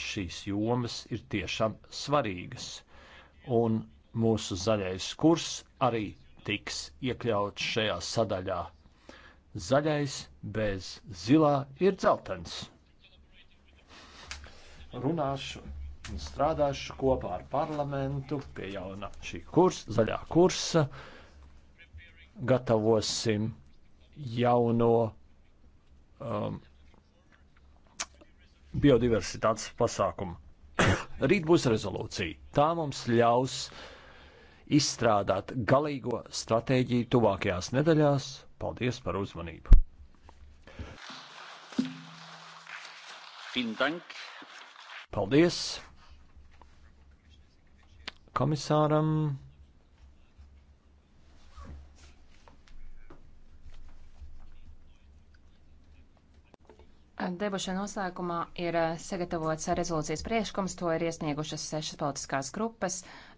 šīs jomas ir tiešām svarīgas, un mūsu zaļais kurs arī tiks iekļauts šajā sadaļā. Zaļais bez zilā ir dzeltens runāšu un strādāšu kopā ar parlamentu pie jaunā šī kursa, zaļā kursa. Gatavosim jauno um, biodiversitātes pasākumu. Rīt būs rezolūcija. Tā mums ļaus izstrādāt galīgo stratēģiju tuvākajās nedēļās. Paldies par uzmanību! Paldies komisāram! Debuša noslēgumā ir eh, sagatavots rezolūcijas priekšlikums, to ir iesniegušas sešas politiskās grupas,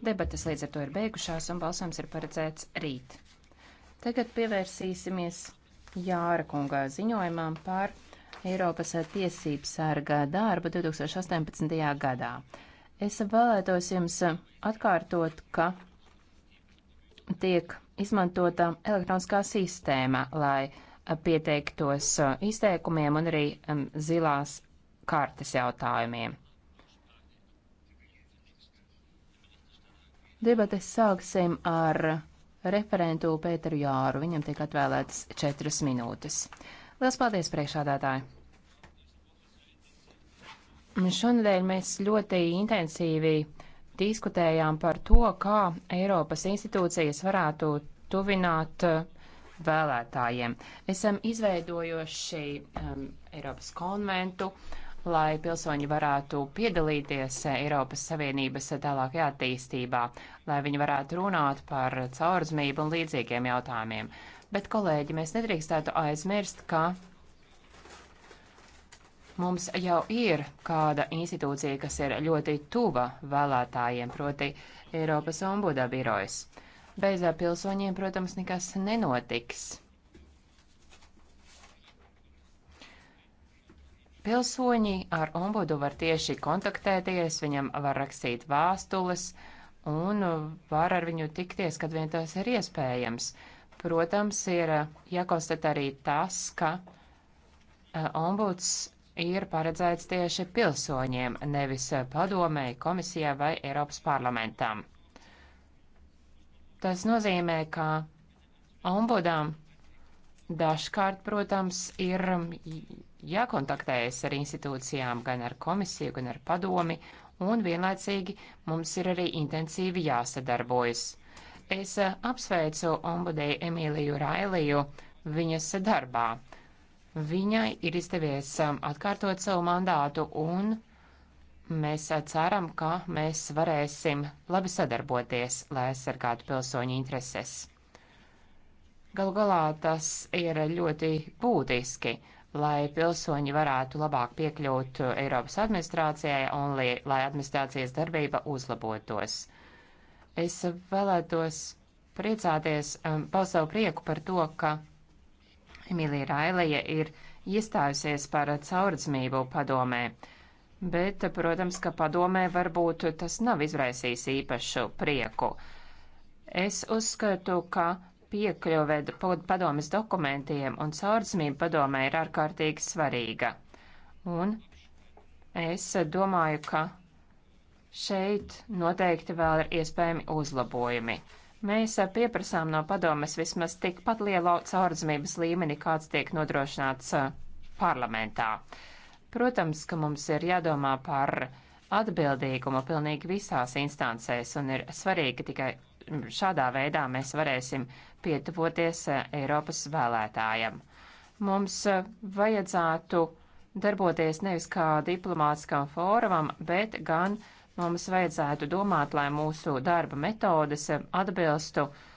debatas līdz ar to ir beigušās un balsojums ir paredzēts rīt. Tagad pievērsīsimies Jāra kungā ziņojumam par Eiropas tiesības sarga darbu 2018. gadā. Es vēlētos jums atkārtot, ka tiek izmantota elektroniskā sistēma, lai pieteiktos uh, izteikumiem un arī um, zilās kartes jautājumiem. Debates sāksim ar referentu Pēteru Jāru. Viņam tiek atvēlētas četras minūtes. Lielas paldies, priekšādātāji! Šonadēļ mēs ļoti intensīvi diskutējām par to, kā Eiropas institūcijas varētu tuvināt uh, vēlētājiem. Esam izveidojuši um, Eiropas konventu, lai pilsoņi varētu piedalīties Eiropas Savienības tālākajā attīstībā, lai viņi varētu runāt par caurzmību un līdzīgiem jautājumiem. Bet, kolēģi, mēs nedrīkstētu aizmirst, ka mums jau ir kāda institūcija, kas ir ļoti tuva vēlētājiem, proti Eiropas ombuda birojas. Bez pilsoņiem, protams, nekas nenotiks. Pilsoņi ar ombudu var tieši kontaktēties, viņam var rakstīt vēstules un var ar viņu tikties, kad vien tas ir iespējams. Protams, ir eh, jākonstatē arī tas, ka eh, ombuds ir paredzēts tieši pilsoņiem, nevis eh, padomēji, komisijai vai Eiropas parlamentam. Tas nozīmē, ka ombudam dažkārt, protams, ir jākontaktējas ar institūcijām, gan ar komisiju, gan ar padomi, un vienlaicīgi mums ir arī intensīvi jāsadarbojas. Es eh, apsveicu ombudēju Emīliju Railiju viņas darbā. Viņai ir izdevies eh, atkārtot savu mandātu un Mēs eh, ceram, ka mēs varēsim labi sadarboties, lai aizsargātu pilsoņu intereses. Galu galā tas ir ļoti būtiski, lai pilsoņi varētu labāk piekļūt eh, Eiropas administrācijai un li, lai administrācijas darbība uzlabotos. Es vēlētos priecāties, eh, paust savu prieku par to, ka Emīlija Raileja ir iestājusies par caurdzmību padomē bet, protams, ka padomē varbūt tas nav izraisījis īpašu prieku. Es uzskatu, ka piekļuve padomes dokumentiem un caurdzmība padomē ir ārkārtīgi svarīga. Un es domāju, ka šeit noteikti vēl ir iespējami uzlabojumi. Mēs pieprasām no padomes vismaz tikpat lielu caurdzmības līmeni, kāds tiek nodrošināts eh, parlamentā. Uh, Protams, ka mums ir jādomā par atbildīgumu pilnīgi visās instancēs, un ir svarīgi, ka tikai šādā veidā mēs varēsim pietuvoties eh, Eiropas vēlētājam. Mums eh, vajadzētu darboties nevis kā diplomātiskam fórumam, bet gan mums vajadzētu domāt, lai mūsu darba metodes eh, atbilstu uh,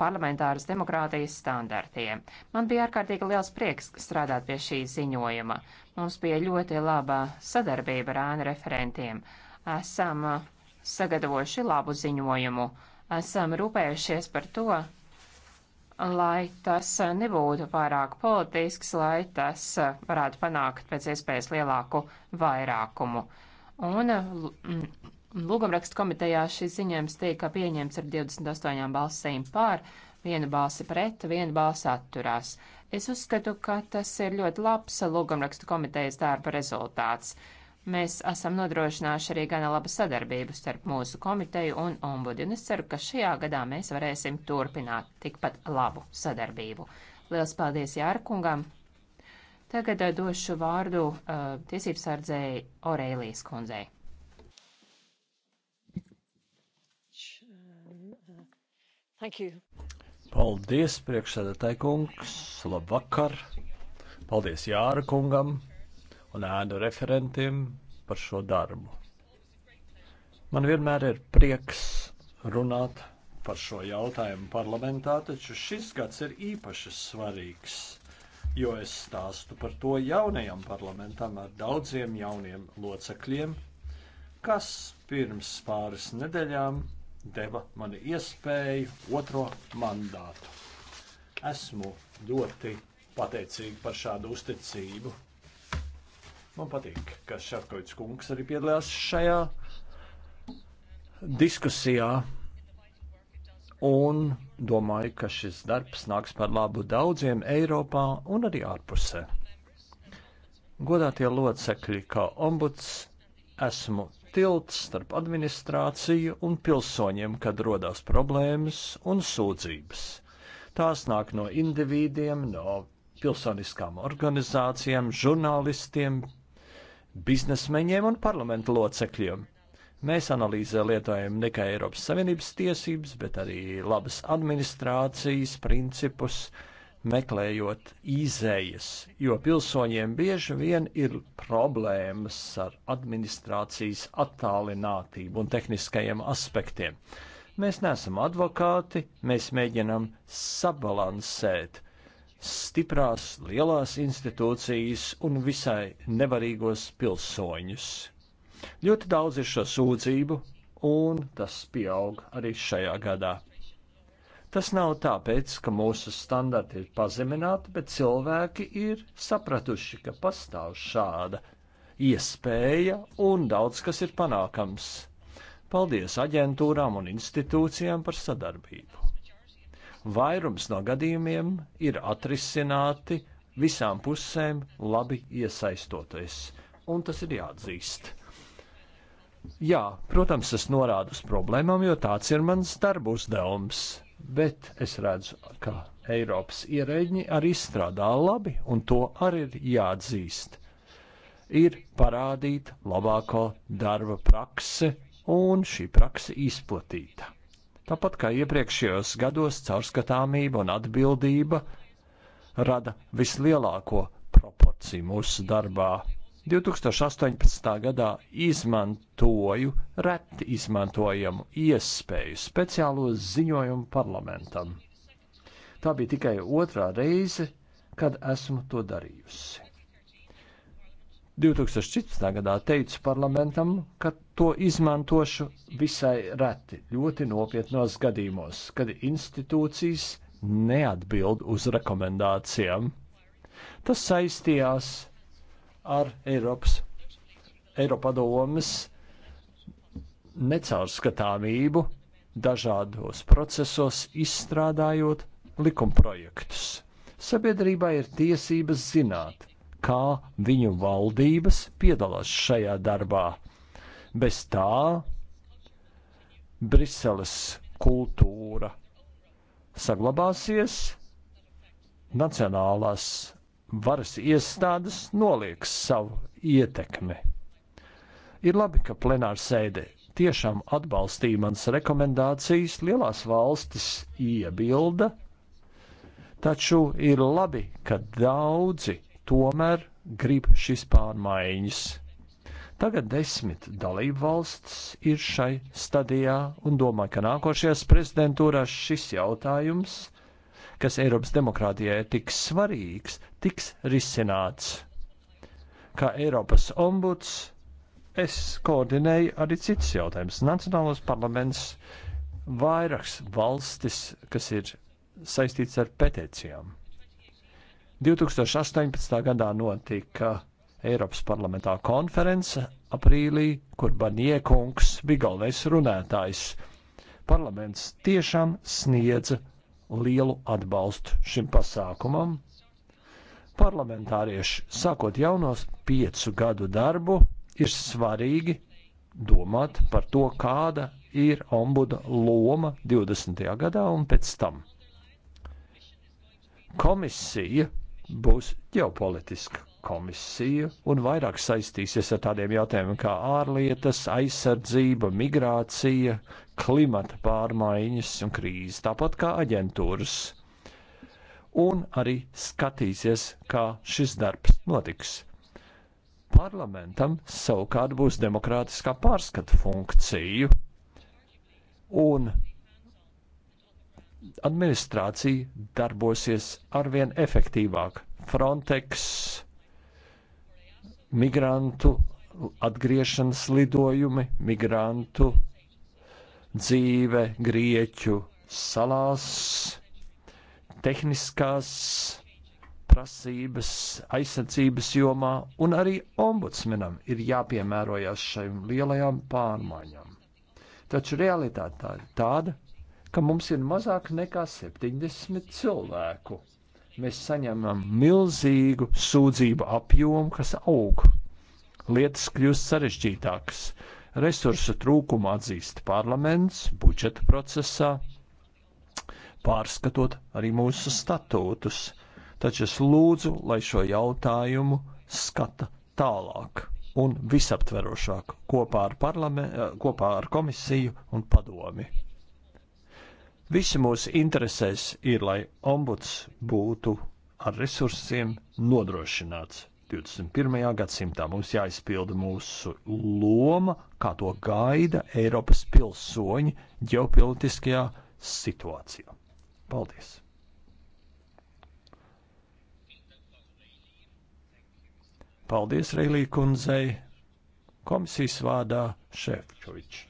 parlamentāras demokrātijas standartiem. Man bija ārkārtīgi liels prieks strādāt pie šī ziņojuma. Mums bija ļoti laba sadarbība ar ēnu referentiem. Esam uh, sagatavojuši labu ziņojumu. Esam rūpējušies par to, lai tas uh, nebūtu pārāk politisks, lai tas uh, varētu panākt pēc iespējas lielāku vairākumu. Un mm, Lūgumrakstu komitejā šis ziņojums tika pieņemts ar 28 balsīm pār, vienu balsi pret, vienu balsi atturās. Es uzskatu, ka tas ir ļoti labs lūgumrakstu komitejas darba rezultāts. Mēs esam nodrošinājuši arī gana labu sadarbību starp mūsu komiteju un ombudi, un es ceru, ka šajā gadā mēs varēsim turpināt tikpat labu sadarbību. Lielas paldies Jārkungam! Tagad eh, došu vārdu uh, tiesības sardzēji Aurēlijas kundzei. Thank you. Paldies, priekšsēdētāji kungs. Labvakar. Paldies Jāra kungam un ēnu referentiem par šo darbu. Man vienmēr ir prieks runāt par šo jautājumu parlamentā, taču šis gads ir īpaši svarīgs, jo es stāstu par to jaunajam parlamentam ar daudziem jauniem locekļiem, kas pirms pāris nedēļām deva man iespēju otro mandātu. Esmu ļoti pateicīgi par šādu uzticību. Man patīk, ka Šafkovics kungs arī piedalījās šajā diskusijā. Un domāju, ka šis darbs nāks par labu daudziem Eiropā un arī ārpusē. Godātie locekļi, kā ombuds, esmu tilts starp administrāciju un pilsoņiem, kad rodas problēmas un sūdzības. Tās nāk no individiem, no pilsoniskām organizācijām, žurnālistiem, biznesmeņiem un parlamentu locekļiem. Mēs analīzē lietojam ne tikai Eiropas Savienības tiesības, bet arī labas administrācijas principus, uh, meklējot izējas, jo pilsoņiem bieži vien ir problēmas ar administrācijas attālinātību un tehniskajiem aspektiem. Mēs neesam advokāti, mēs mēģinam sabalansēt stiprās, lielās institūcijas un visai nevarīgos pilsoņus. Ļoti daudz ir šo sūdzību, un tas pieaug arī šajā gadā. Tas nav tāpēc, ka mūsu standarti ir pazemināti, bet cilvēki ir sapratuši, ka pastāv šāda iespēja un daudz kas ir panākams. Paldies aģentūrām un institūcijām par sadarbību. Vairums no gadījumiem ir atrisināti visām pusēm labi iesaistoties, un tas ir jāatzīst. Jā, protams, es norādu uz problēmām, jo tāds ir mans darba uzdevums bet es redzu, ka Eiropas ierēģi arī strādā labi, un to arī ir jāatzīst. Ir parādīta labāko darba prakse, un šī prakse izplatīta. Tāpat kā iepriekšējos gados, caurskatāmība un atbildība rada vislielāko proporciju mūsu darbā. 2018. gadā izmantoju reti izmantojamu iespēju speciālo ziņojumu parlamentam. Tā bija tikai otrā reize, kad esmu to darījusi. 2014. gadā teicu parlamentam, ka to izmantošu visai reti, ļoti nopietnos gadījumos, kad institūcijas neatbild uz rekomendācijām. Tas saistījās ar Eiropas, Eiropadomas necaurskatāmību dažādos procesos, izstrādājot likumprojektus. Sabiedrībā ir tiesības zināt, kā viņu valdības piedalās šajā darbā. Bez tā Briseles kultūra saglabāsies, nacionālās varas iestādes noliek savu ietekmi. Ir labi, ka plenāra sēde tiešām atbalstīja manas rekomendācijas, lielās valstis iebilda, taču ir labi, ka daudzi tomēr grib šīs pārmaiņas. Tagad desmit dalību valsts ir šai stadijā un domāju, ka nākošajās prezidentūrās šis jautājums kas Eiropas demokrātijai ir tik svarīgs, tiks risināts. Kā Eiropas ombuds es koordinēju arī citus jautājumus. Nacionālos parlaments vairākas valstis, kas ir saistīts ar peticijām. 2018. gadā notika Eiropas parlamentā konference aprīlī, kur Baniekungs bija galvenais runētājs. Parlaments tiešām sniedza lielu atbalstu šim pasākumam. Parlamentārieši, sākot jaunos piecu gadu darbu, ir svarīgi domāt par to, kāda ir ombuda loma 20. gadā un pēc tam. Komisija būs ģeopolitiska komisija un vairāk saistīsies ar tādiem jautājumiem kā ārlietas, aizsardzība, migrācija, klimata pārmaiņas un krīzes, tāpat kā aģentūras. Un arī skatīsies, kā šis darbs notiks. Parlamentam savukārt būs demokrātiskā pārskata funkcija, un administrācija darbosies arvien efektīvāk. Frontex, migrantu atgriešanas lidojumi, migrantu dzīve Grieķu salās, tehniskās prasības aizsardzības jomā, un arī ombudsmenam ir jāpiemērojas šīm lielajām pārmaiņām. Taču realitāte tā ir tāda, ka mums ir mazāk nekā 70 cilvēku. Mēs saņemam milzīgu sūdzību apjomu, kas aug. Lietas kļūst sarežģītākas, Resursu trūkumu atzīst parlaments budžeta procesā, pārskatot arī mūsu statūtus, taču es lūdzu, lai šo jautājumu skata tālāk un visaptverošāk kopā ar, parlamē, eh, kopā ar komisiju un padomi. Visi mūsu interesēs ir, lai ombuds būtu ar resursiem nodrošināts. 21. gadsimtā mums jāizpilda mūsu loma, kā to gaida Eiropas pilsoņi ģeopolitiskajā situācijā. Paldies! Paldies, Reilī kundzei, komisijas vārdā Šefčovičs.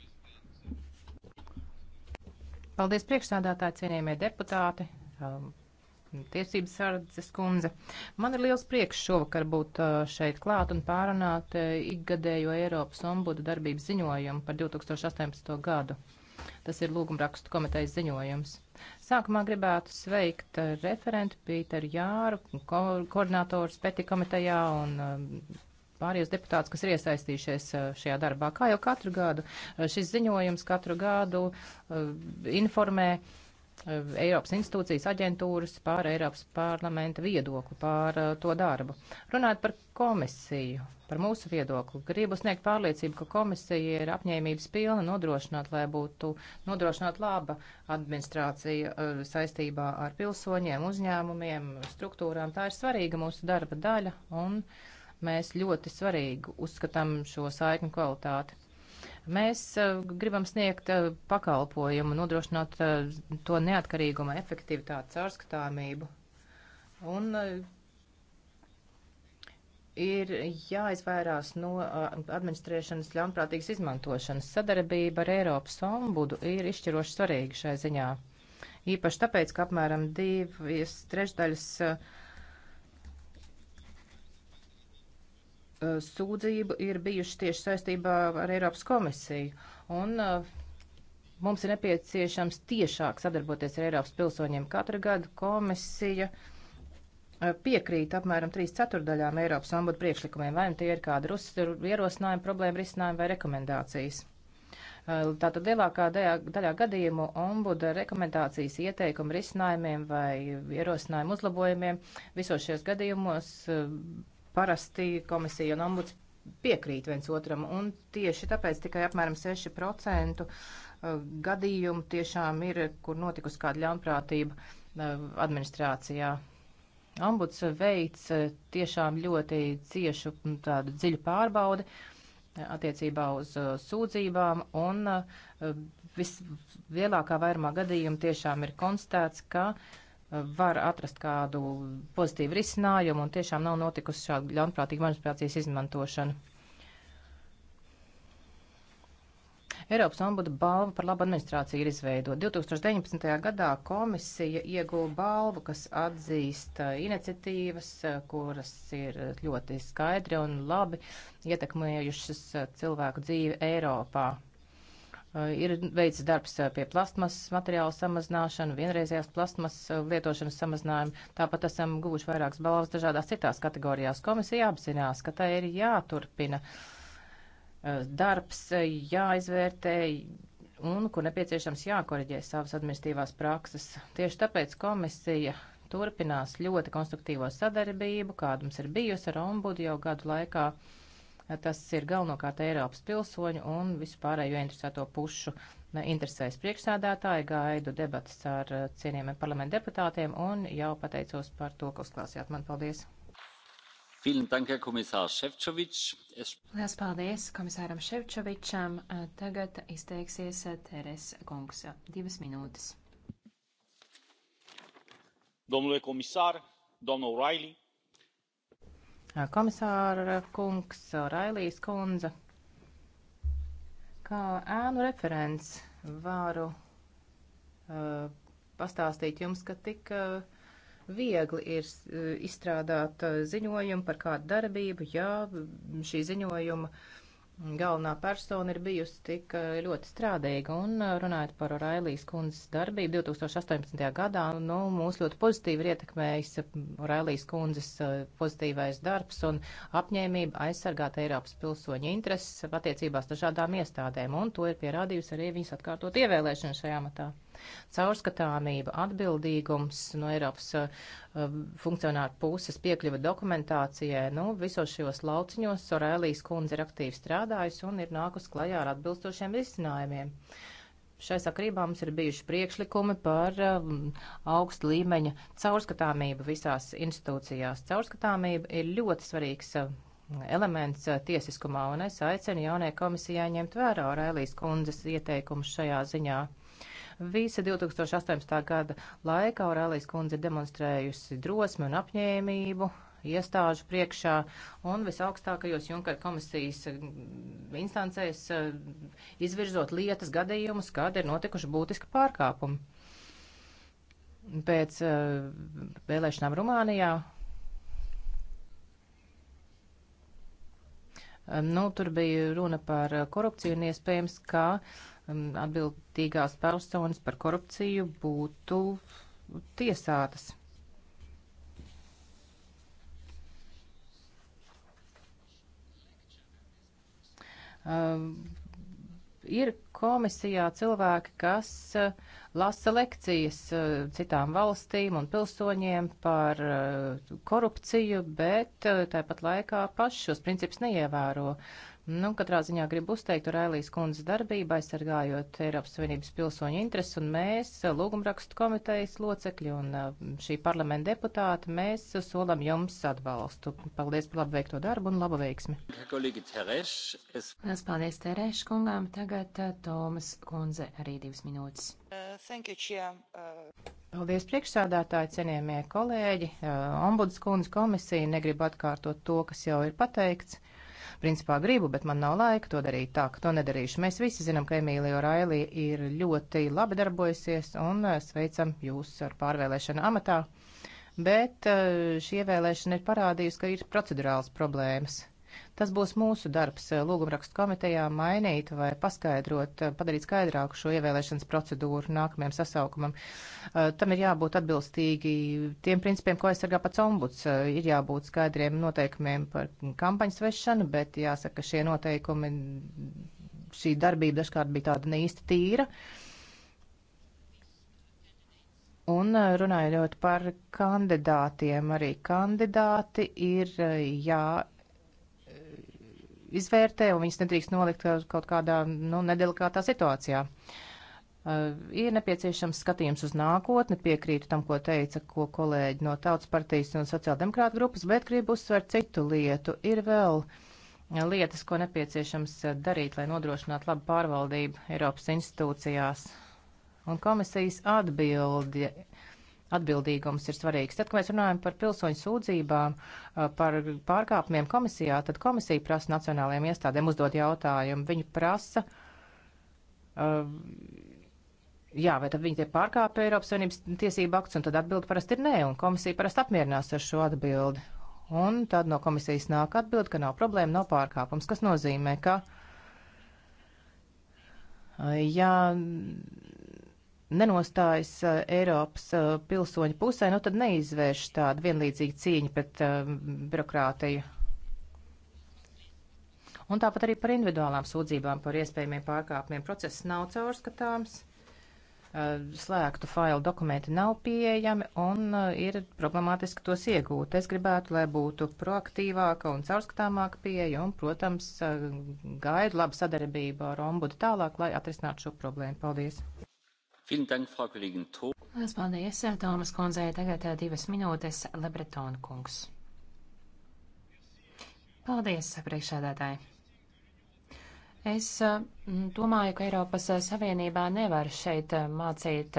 Paldies priekšsādātāji, cienījamie deputāti, um, tiesības sardzes kundze. Man ir liels prieks šovakar būt uh, šeit klāt un pārunāt uh, ikgadējo Eiropas ombudu darbības ziņojumu par 2018. gadu. Tas ir lūgumrakstu komitejas ziņojums. Sākumā gribētu sveikt uh, referentu Pīteru Jāru, ko koordinātoru Speti komitejā un um, pārējos deputātus, kas ir iesaistījušies šajā darbā. Kā jau katru gadu, šis ziņojums katru gadu informē Eiropas institūcijas aģentūras pār Eiropas parlamenta viedokli pār uh, to darbu. Runājot par komisiju, par mūsu viedokli, gribu sniegt pārliecību, ka komisija ir apņēmības pilna nodrošināt, lai būtu nodrošināt laba administrācija uh, saistībā ar pilsoņiem, uzņēmumiem, struktūrām. Tā ir svarīga mūsu darba daļa un mēs ļoti svarīgi uzskatām šo saikņu kvalitāti. Mēs uh, gribam sniegt uh, pakalpojumu, nodrošināt uh, eh, to neatkarīgumu, efektivitāti, caurskatāmību. Un uh, ir jāizvairās no uh, administrēšanas ļaunprātīgas izmantošanas. Sadarbība ar Eiropas ombudu ir izšķiroši svarīga šai ziņā. Īpaši tāpēc, ka apmēram divas trešdaļas. Uh, E, sūdzību ir bijuši tieši saistībā ar Eiropas komisiju. Un e, mums ir nepieciešams tiešāk sadarboties ar Eiropas pilsoņiem. Katru gadu komisija e, piekrīt apmēram 3 ceturdaļām Eiropas ombudu priekšlikumiem, vai nu tie ir kādi ierosinājumi, problēma risinājumi vai rekomendācijas. Tātad lielākā daļā, daļā gadījumu ombuda rekomendācijas ieteikumu risinājumiem vai ierosinājumu uzlabojumiem visos šajos gadījumos parasti komisija un ombuds piekrīt viens otram, un tieši tāpēc tikai apmēram 6% uh, gadījumu tiešām ir, kur notikusi kāda ļaunprātība uh, administrācijā. Ombuds veic uh, tiešām ļoti ciešu tādu dziļu pārbaudi attiecībā uz sūdzībām, un vislielākā vairumā gadījumu tiešām ir konstatēts, ka uh, var atrast kādu pozitīvu risinājumu un tiešām nav notikusi šāda ļaunprātīga manipulācijas izmantošana. Eiropas ombuda balva par labu administrāciju ir izveidota. 2019. gadā komisija ieguva balvu, kas atzīst uh, iniciatīvas, uh, kuras ir ļoti skaidri un labi ietekmējušas uh, cilvēku dzīvi Eiropā. Eh, ir veids darbs eh, pie plastmasas materiāla samazināšana, vienreizējās plastmasas eh, lietošanas samazinājuma. Tāpat esam guvuši vairākas balvas dažādās citās kategorijās. Komisija apzinās, ka tā ir jāturpina darbs, jāizvērtē un, kur nepieciešams, jākoriģē savas administratīvās prakses. Tieši tāpēc komisija turpinās ļoti konstruktīvo sadarbību, kāda mums ir bijusi ar ombudu jau gadu laikā. Tas ir galvenokārt Eiropas pilsoņu un vispārējo interesēto pušu interesēs priekšsādātāji. Gaidu debatas ar eh, cienījumiem parlamentu deputātiem un jau pateicos par to, ka uzklausījāt man. Paldies! Lielas paldies komisāram Ševčovičam. Eh, tagad izteiksies eh, Teres Kungs. Divas minūtes. Domnule komisār, domnul Raili, komisāra kungs, Railijas kundze. Kā ēnu referents varu uh, pastāstīt jums, ka tik uh, viegli ir uh, izstrādāt uh, ziņojumu par kādu darbību, ja šī ziņojuma uh, galvenā persona ir bijusi tik eh, ļoti strādīga un eh, runājot par Orailijas kundzes darbību 2018. gadā, nu, mūs ļoti pozitīvi ir ietekmējis Orailijas eh, kundzes pozitīvais darbs un apņēmība aizsargāt Eiropas pilsoņu intereses attiecībās dažādām iestādēm, un to ir pierādījusi arī viņas atkārtot ievēlēšana šajā matā. Caurskatāmība, atbildīgums no Eiropas uh, uh, funkcionāru puses piekļuva dokumentācijai, nu, visos šajos lauciņos Sorēlijas kundze ir aktīvi strādājusi un ir nākus klajā ar atbilstošiem risinājumiem. Šai sakrībā mums ir bijuši priekšlikumi par um, augstu līmeņa caurskatāmību visās institūcijās. Caurskatāmība ir ļoti svarīgs uh, elements uh, tiesiskumā, un es aicinu jaunajai komisijai ņemt vērā Rēlīs kundzes ieteikumus šajā ziņā. Visa 2018. gada laikā Aurēlijas kundze ir demonstrējusi drosmi un apņēmību iestāžu priekšā un visaugstākajos Junkar komisijas instancēs izvirzot lietas gadījumus, kad ir notikuši būtiski pārkāpumi. Pēc vēlēšanām Rumānijā Nu, tur bija runa par korupciju un iespējams, ka Um, atbildīgās personas par korupciju būtu tiesātas. Uh, ir komisijā cilvēki, kas uh, lasa lekcijas uh, citām valstīm un pilsoņiem par uh, korupciju, bet uh, tāpat laikā paši šos principus neievēro. Uh, Nu, katrā ziņā gribu uzteikt Railijas kundzes darbību, aizsargājot Eiropas Savienības pilsoņu intereses, un mēs, eh, lūgumrakstu komitejas locekļi un eh, šī parlamenta deputāti, mēs solam jums atbalstu. Paldies par labu veikto darbu un labu veiksmi. Lielas paldies Terēšu kungām. Tagad eh, Tomas kundze arī divas minūtes. Uh, uh, paldies priekšsādātāji, cienījamie kolēģi. Ombuds kundze komisija negrib atkārtot to, kas jau ir pateikts principā gribu, bet man nav laika to darīt tā, ka to nedarīšu. Mēs visi zinām, ka Emīlija Orailija ir ļoti labi darbojusies un eh, sveicam jūs ar pārvēlēšanu amatā, bet eh, šī ievēlēšana ir parādījusi, ka ir procedurāls problēmas. Tas būs mūsu darbs eh, lūgumrakstu komitejā mainīt vai paskaidrot, eh, padarīt skaidrāku šo ievēlēšanas procedūru nākamajam sasaukumam. Eh, tam ir jābūt atbilstīgi tiem principiem, ko aizsargā pats ombuds. Ir jābūt skaidriem noteikumiem par kampaņas vešanu, bet jāsaka, šie noteikumi, šī darbība dažkārt bija tāda neīsti tīra. Un runājot par kandidātiem, arī kandidāti ir jā izvērtē, un viņas nedrīkst nolikt kaut kādā nu, nedelikātā situācijā. Uh, ir nepieciešams skatījums uz nākotni, piekrītu tam, ko teica ko kolēģi no Tautas partijas un sociāldemokrāta grupas, bet gribu uzsvērt citu lietu. Ir vēl lietas, ko nepieciešams darīt, lai nodrošinātu labu pārvaldību Eiropas institūcijās. Un komisijas atbildi atbildīgums ir svarīgs. Tad, kad mēs runājam par pilsoņu sūdzībām, par pārkāpumiem komisijā, tad komisija prasa nacionālajiem iestādēm uzdot jautājumu. Viņi prasa, jā, vai tad viņi tie pārkāpa Eiropas Savienības tiesību akts, un tad atbildi parasti ir nē, un komisija parasti apmierinās ar šo atbildi. Un tad no komisijas nāk atbild, ka nav problēma, nav pārkāpums, kas nozīmē, ka, ja nenostājas eh, Eiropas eh, pilsoņu pusē, nu tad neizvērš tādu vienlīdzīgu cīņu pret eh, birokrātiju. Un tāpat arī par individuālām sūdzībām par iespējamiem pārkāpumiem. Process nav caurskatāms, slēgtu failu dokumenti nav pieejami un ir problemātiski tos iegūt. Es gribētu, lai būtu proaktīvāka un caurskatāmāka pieeja un, protams, gaidu labu sadarbību ar ombudu tālāk, lai atrisinātu šo problēmu. Paldies! Lielas paldies, eh, Tomas kundzei. Tagad eh, divas minūtes, Lebretona kungs. Paldies, priekšādātāji. Es domāju, ka Eiropas Savienībā nevar šeit mācīt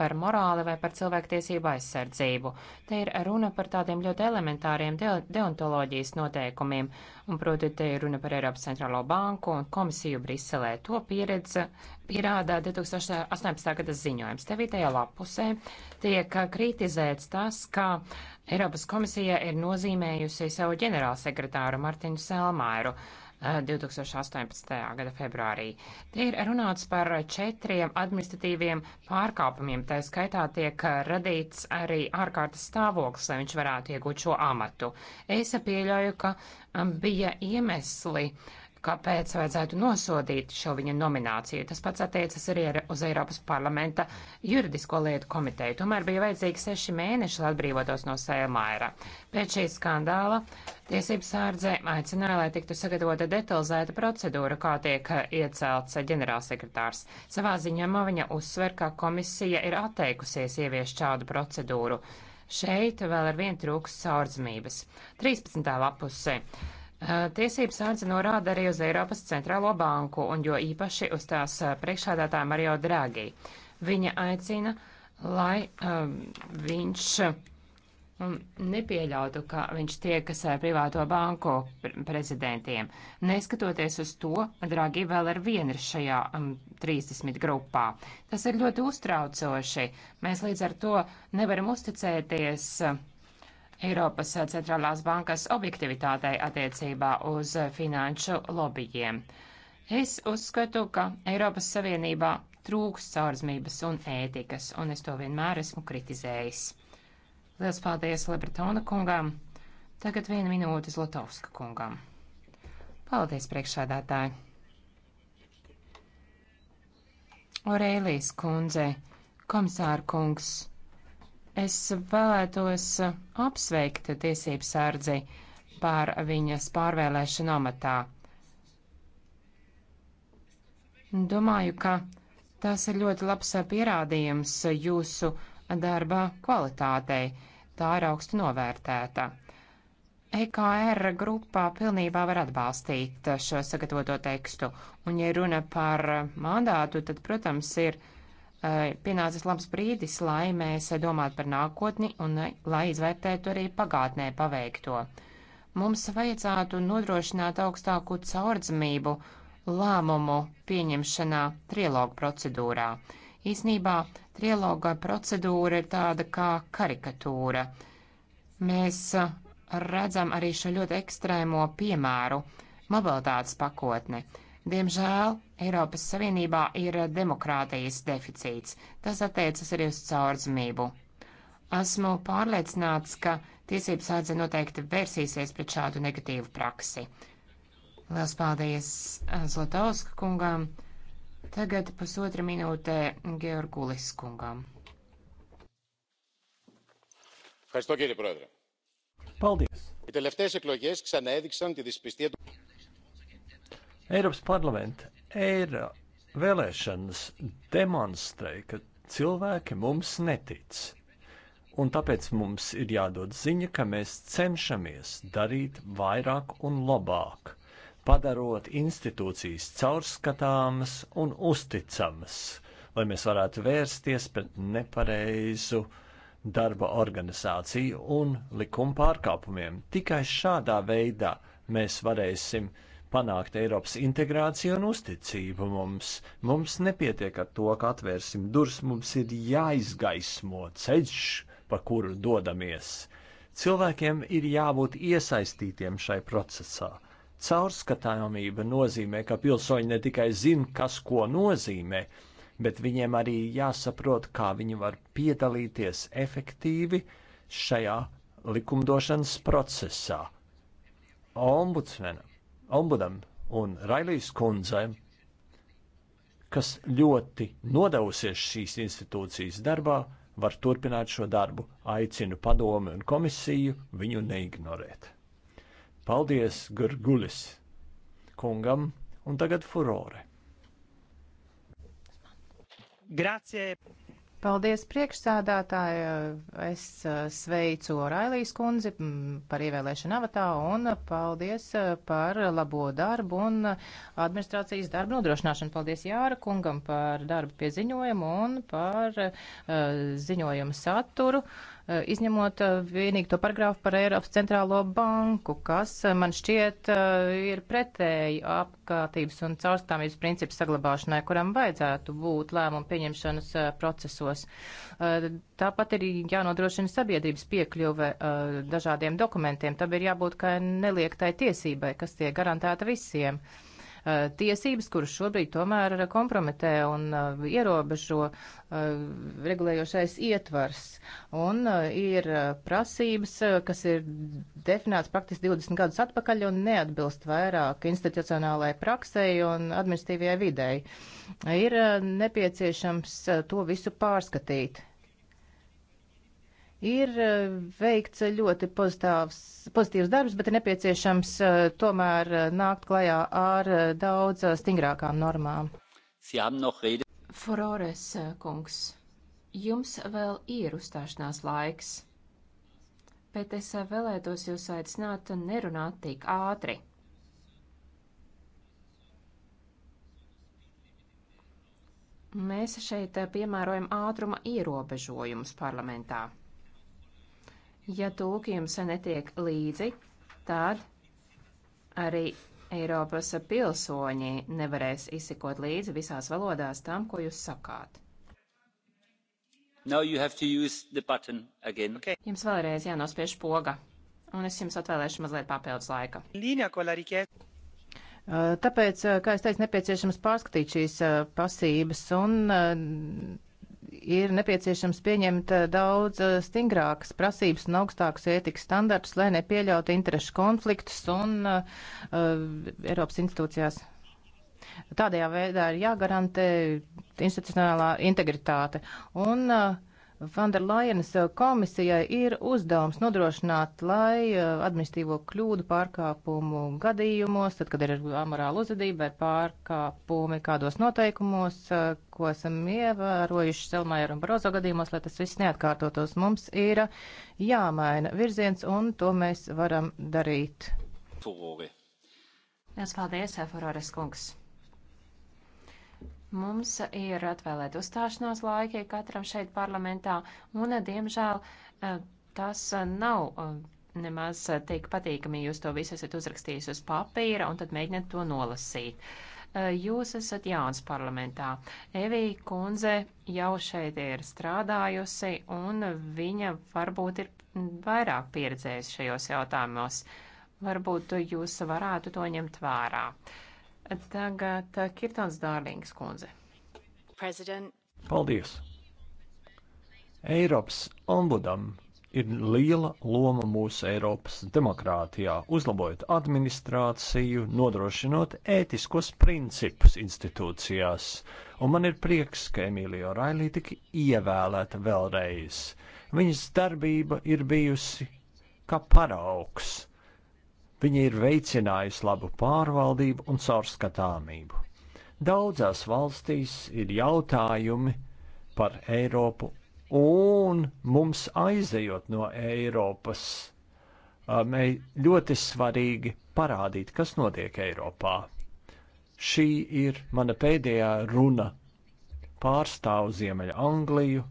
par morāli vai par cilvēktiesību aizsardzību. Te ir runa par tādiem ļoti elementāriem deontoloģijas noteikumiem, un proti te ir runa par Eiropas centrālo banku un komisiju Briselē. To pieredze pierāda 2018. gada ziņojums. Te vietējā lapusē tiek kritizēts tas, ka Eiropas komisija ir nozīmējusi savu ģenerālsekretāru Martinu Selmāru 2018. gada februārī. Tie ir runāts par četriem administratīviem pārkāpumiem, tā skaitā tiek radīts arī ārkārtas stāvoklis, lai viņš varētu iegūt šo amatu. Es pieļauju, ka um, bija iemesli uh, kāpēc vajadzētu nosodīt šo viņa nomināciju. Tas pats attiecas arī uz Eiropas parlamenta juridisko lietu komiteju. Tomēr bija vajadzīgi seši mēneši, lai atbrīvotos no Sēlmaira. Pēc šī skandāla tiesības sārdzē aicināja, lai tiktu sagatavota detalizēta procedūra, kā tiek iecelts ģenerālsekretārs. Savā ziņojumā viņa uzsver, ka komisija ir atteikusies ievies šādu procedūru. Šeit vēl ar vien trūks saurdzmības. 13. lapusē. Eh, tiesības sārdzi norāda arī uz Eiropas centrālo banku un jo īpaši uz tās eh, priekšādātāja Mario Draghi. Viņa aicina, lai um, viņš um, nepieļautu, ka viņš tiekas ar privāto banku prezidentiem. Neskatoties uz to, Draghi vēl ar vienu ir šajā um, mm, 30 grupā. Tas ir ļoti uztraucoši. Mēs līdz ar to nevaram uzticēties. Uh, Eiropas centrālās bankas objektivitātei attiecībā uz finanšu lobbyiem. Es uzskatu, ka Eiropas Savienībā trūks caurzmības un ētikas, un es to vienmēr esmu kritizējis. Lielas paldies Lebretona kungām. Tagad viena minūte Zlotovska kungām. Paldies, priekšādātāji. Orēlijas kundze, komisāra kungs. Es vēlētos apsveikt tiesību sārdzi par viņas pārvēlēšanu amatā. Domāju, ka tas ir ļoti labs pierādījums jūsu darba kvalitātei. Tā ir augstu novērtēta. EKR grupā pilnībā var atbalstīt šo sagatavoto tekstu, un, ja runa par mandātu, tad, protams, ir Eh, pienācis labs brīdis, lai mēs domātu par nākotni un eh, lai izvērtētu arī pagātnē paveikto. Mums vajadzētu nodrošināt augstāku caurdzamību lēmumu pieņemšanā trilogu procedūrā. Īsnībā triloga procedūra ir tāda kā karikatūra. Mēs eh, redzam arī šo ļoti ekstrēmo piemēru - mobilitātes pakotni. Diemžēl Eiropas Savienībā ir demokrātijas deficīts. Tas attiecas arī uz caurzmību. Esmu pārliecināts, ka tiesības sādze noteikti vērsīsies pret šādu negatīvu praksi. Lielas paldies eh, Zlatauska kungām. Tagad pusotra minūte Georgulis kungām. Paldies! Eiropas parlamenta eiro vēlēšanas demonstrē, ka cilvēki mums netic. Un tāpēc mums ir jādod ziņa, ka mēs cenšamies darīt vairāk un labāk, padarot institūcijas caurskatāmas un uzticamas, lai mēs varētu vērsties pret nepareizu darba organizāciju un likuma pārkāpumiem. Tikai šādā veidā mēs varēsim uh, panākt Eiropas integrāciju un uzticību mums. Mums nepietiek ar to, ka atvērsim durvis, mums ir jāizgaismo ceļš, pa kuru dodamies. Cilvēkiem ir jābūt iesaistītiem šai procesā. Caurskatāmība nozīmē, ka pilsoņi ne tikai zina, kas ko nozīmē, bet viņiem arī jāsaprot, kā viņi var piedalīties efektīvi šajā likumdošanas procesā. Ombudsmena ombudam un Railijas kundzēm, kas ļoti nodevusies šīs institūcijas darbā, var turpināt šo darbu. Aicinu padomi un komisiju viņu neignorēt. Paldies Gurgulis kungam un tagad furore. Grazie! Paldies priekšsādātāja. Es eh, sveicu Orailijas kundzi mm, par ievēlēšanu avatā un paldies eh, par labo darbu un eh, administrācijas darbu nodrošināšanu. Paldies Jāra kungam par darbu pieziņojumu un par uh, ziņojumu saturu. Uh, Eh, izņemot eh, vienīgi to paragrāfu par Eiropas centrālo banku, kas eh, man šķiet ir pretēji apkārtības un caurstāmības principu saglabāšanai, kuram vajadzētu būt lēmumu pieņemšanas procesos. Tāpat ir jānodrošina sabiedrības piekļuve dažādiem dokumentiem. Tam ir jābūt kā neliektai tiesībai, kas tiek garantēta visiem. Uh, Eh, tiesības, kuras šobrīd tomēr kompromitē un eh, ierobežo eh, regulējošais ietvars. Un ir prasības, kas ir definēts praktiski 20 gadus atpakaļ un neatbilst vairāk institucionālajai praksei un administratīvajai videi. Ir nepieciešams to visu pārskatīt. Ir e, veikts ļoti pozitāvs, pozitīvs darbs, bet ir nepieciešams e, tomēr e, nākt klajā ar daudz stingrākām normām. Furores kungs, jums vēl ir uzstāšanās laiks, bet es vēlētos jūs aicināt nerunāt tik ātri. Mēs šeit piemērojam ātruma ierobežojumus parlamentā. Ja tūkījums netiek līdzi, tad arī Eiropas pilsoņi nevarēs izsekot līdzi visās valodās tam, ko jūs sakāt. Okay. Jums vēlreiz jānospiež poga, un es jums atvēlēšu mazliet papildus laika. Tāpēc, kā es teicu, nepieciešams pārskatīt šīs pasības un ir nepieciešams pieņemt eh, daudz eh, stingrākas prasības un augstākus ētikas standartus, lai nepieļautu interešu konfliktus un uh, Eiropas institūcijās. Tādējā veidā ir jāgarantē institucionālā integritāte. Un, uh, Vanderlajenas eh, komisijai ir uzdevums nodrošināt, lai eh, administīvo kļūdu pārkāpumu gadījumos, tad, kad ir amorāla uzvedība, ir pārkāpumi kādos noteikumos, eh, ko esam ievērojuši Selmaier un Barozo gadījumos, lai tas viss neatkārtotos. Mums ir jāmaina virziens, un to mēs varam darīt. Furori. Mēs paldies, Furores kungs. Mums ir atvēlēta uzstāšanās laika katram šeit parlamentā, un, diemžēl, eh, tas nav eh, nemaz tik patīkami. Jūs to visu esat uzrakstījis uz papīra, un tad mēģināt to nolasīt. Eh, jūs esat jauns parlamentā. Evija kundze jau šeit ir strādājusi, un viņa varbūt ir vairāk pieredzējusi šajos jautājumos. Varbūt jūs varētu to ņemt vērā. Uh, Tagad eh, Kirtons Dārlings kundze. President. Paldies! Eiropas ombudam ir liela loma mūsu Eiropas demokrātijā, uzlabojot administrāciju, nodrošinot ētiskos principus institūcijās. Un man ir prieks, ka Emīlija Railī tika ievēlēta vēlreiz. Viņas darbība ir bijusi kā paraugs Viņa ir veicinājusi labu pārvaldību un caurskatāmību. Daudzās valstīs ir jautājumi par Eiropu, un mums aizejot no Eiropas, mēs um, e, ļoti svarīgi parādīt, kas notiek Eiropā. Šī ir mana pēdējā runa pārstāvu Ziemeļa Angliju,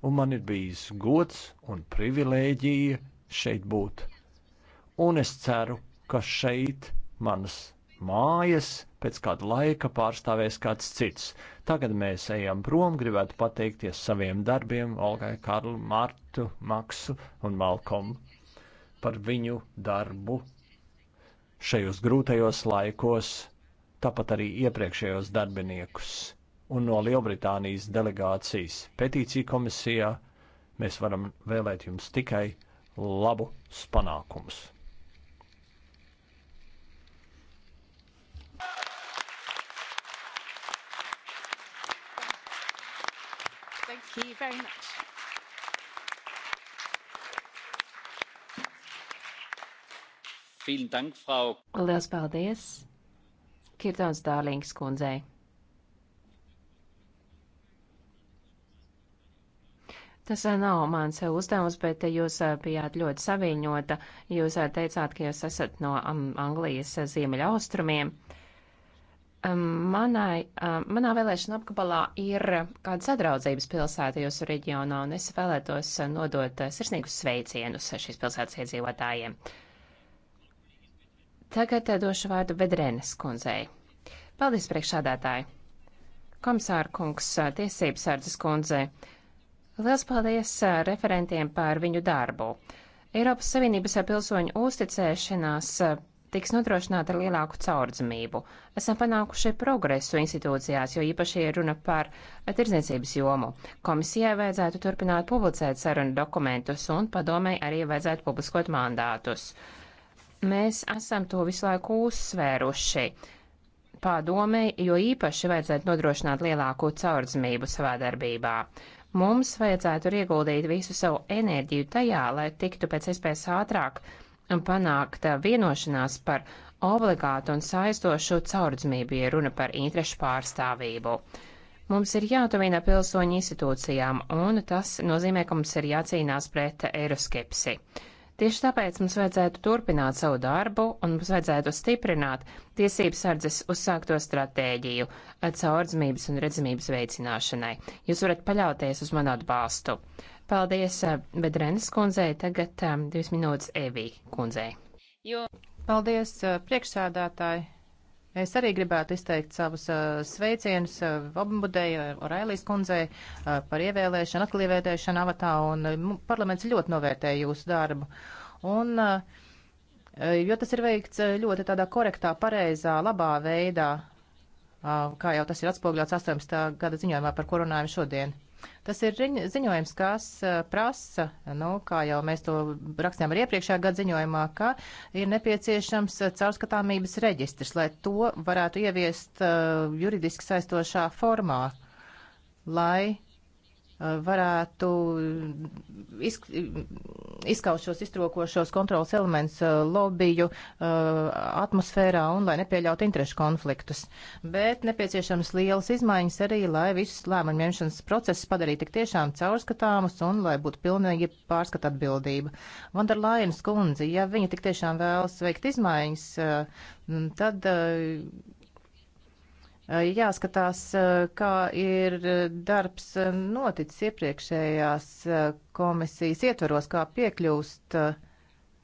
un man ir bijis gods un privilēģija šeit būt un es ceru, ka šeit manas mājas pēc kāda laika pārstāvēs kāds cits. Tagad mēs ejam prom, gribētu pateikties saviem darbiem Olgai Karlu, Martu, Maksu un Malkomu par viņu darbu šajos grūtajos laikos, tāpat arī iepriekšējos darbiniekus un no Lielbritānijas delegācijas petīciju komisijā mēs varam vēlēt jums tikai labu panākumus. thank you very much. Lielas paldies Kirtons Dārlings kundzei. Tas eh, nav mans eh, uzdevums, bet eh, jūs bijāt ļoti saviņota. Jūs teicāt, ka jūs esat no Anglijas ziemeļa austrumiem. Uh, Manai, manā vēlēšana apgabalā ir kāda sadraudzības pilsēta jūsu reģionā, un es vēlētos nodot sirsnīgus sveicienus šīs pilsētas iedzīvotājiem. Tagad došu vārdu Bedrēnes kundzei. Paldies, priekšādātāji! Komisāra kungs, tiesības sardzes kundze, liels paldies eh, referentiem par viņu darbu. Eiropas Savienības pilsoņu uzticēšanās eh, tiks nodrošināta ar lielāku caurdzamību. Esam panākuši progresu institūcijās, jo īpaši ir runa par tirdzniecības jomu. Komisijai vajadzētu turpināt publicēt sarunu dokumentus un padomei arī vajadzētu publiskot mandātus. Mēs esam to visu laiku uzsvēruši. Padomei, jo īpaši vajadzētu nodrošināt lielāku caurdzamību savā darbībā. Mums vajadzētu ieguldīt visu savu enerģiju tajā, lai tiktu pēc iespējas ātrāk panākt eh, vienošanās par obligātu un saistošu caurdzmību, ja runa par interešu pārstāvību. Mums ir jātuvina pilsoņu institūcijām, un tas nozīmē, ka mums ir jācīnās pret eiroskepsi. Uh, Tieši tāpēc mums vajadzētu turpināt savu darbu un mums vajadzētu stiprināt tiesības sardzes uzsākto stratēģiju eh, caurdzmības un redzamības veicināšanai. Jūs varat paļauties uz manu atbalstu. Paldies eh, Bedrenes kundzei, tagad um, divas minūtes Evī kundzei. Jo. Paldies, priekšsēdētāji! Es arī gribētu izteikt savus uh, sveicienus uh, Obambudei, uh, Orailijas kundzei uh, par ievēlēšanu, atkal ievēlēšanu avatā, un uh, parlaments ļoti novērtē jūsu darbu. Un, uh, jo tas ir veikts ļoti tādā korektā, pareizā, labā veidā, uh, kā jau tas ir atspogļots 18. gada ziņojumā, par ko runājam šodien. Uh, Tas ir ziņojums, kas uh, prasa, nu, kā jau mēs to rakstījām arī iepriekšējā gada ziņojumā, ka ir nepieciešams uh, caurskatāmības reģistrs, lai to varētu ieviest uh, juridiski saistošā formā, lai varētu izskaust šos iztrokošos kontrols elements uh, lobiju uh, atmosfērā un lai nepieļautu interešu konfliktus. Bet nepieciešams lielas izmaiņas arī, lai visus lēmumu ņemšanas procesus padarītu tik tiešām caurskatāmus un lai būtu pilnīgi pārskat atbildība. Vanderlainas kundze, ja viņa tik tiešām vēlas veikt izmaiņas, uh, tad jāskatās, kā ir darbs noticis iepriekšējās komisijas ietvaros, kā piekļūst,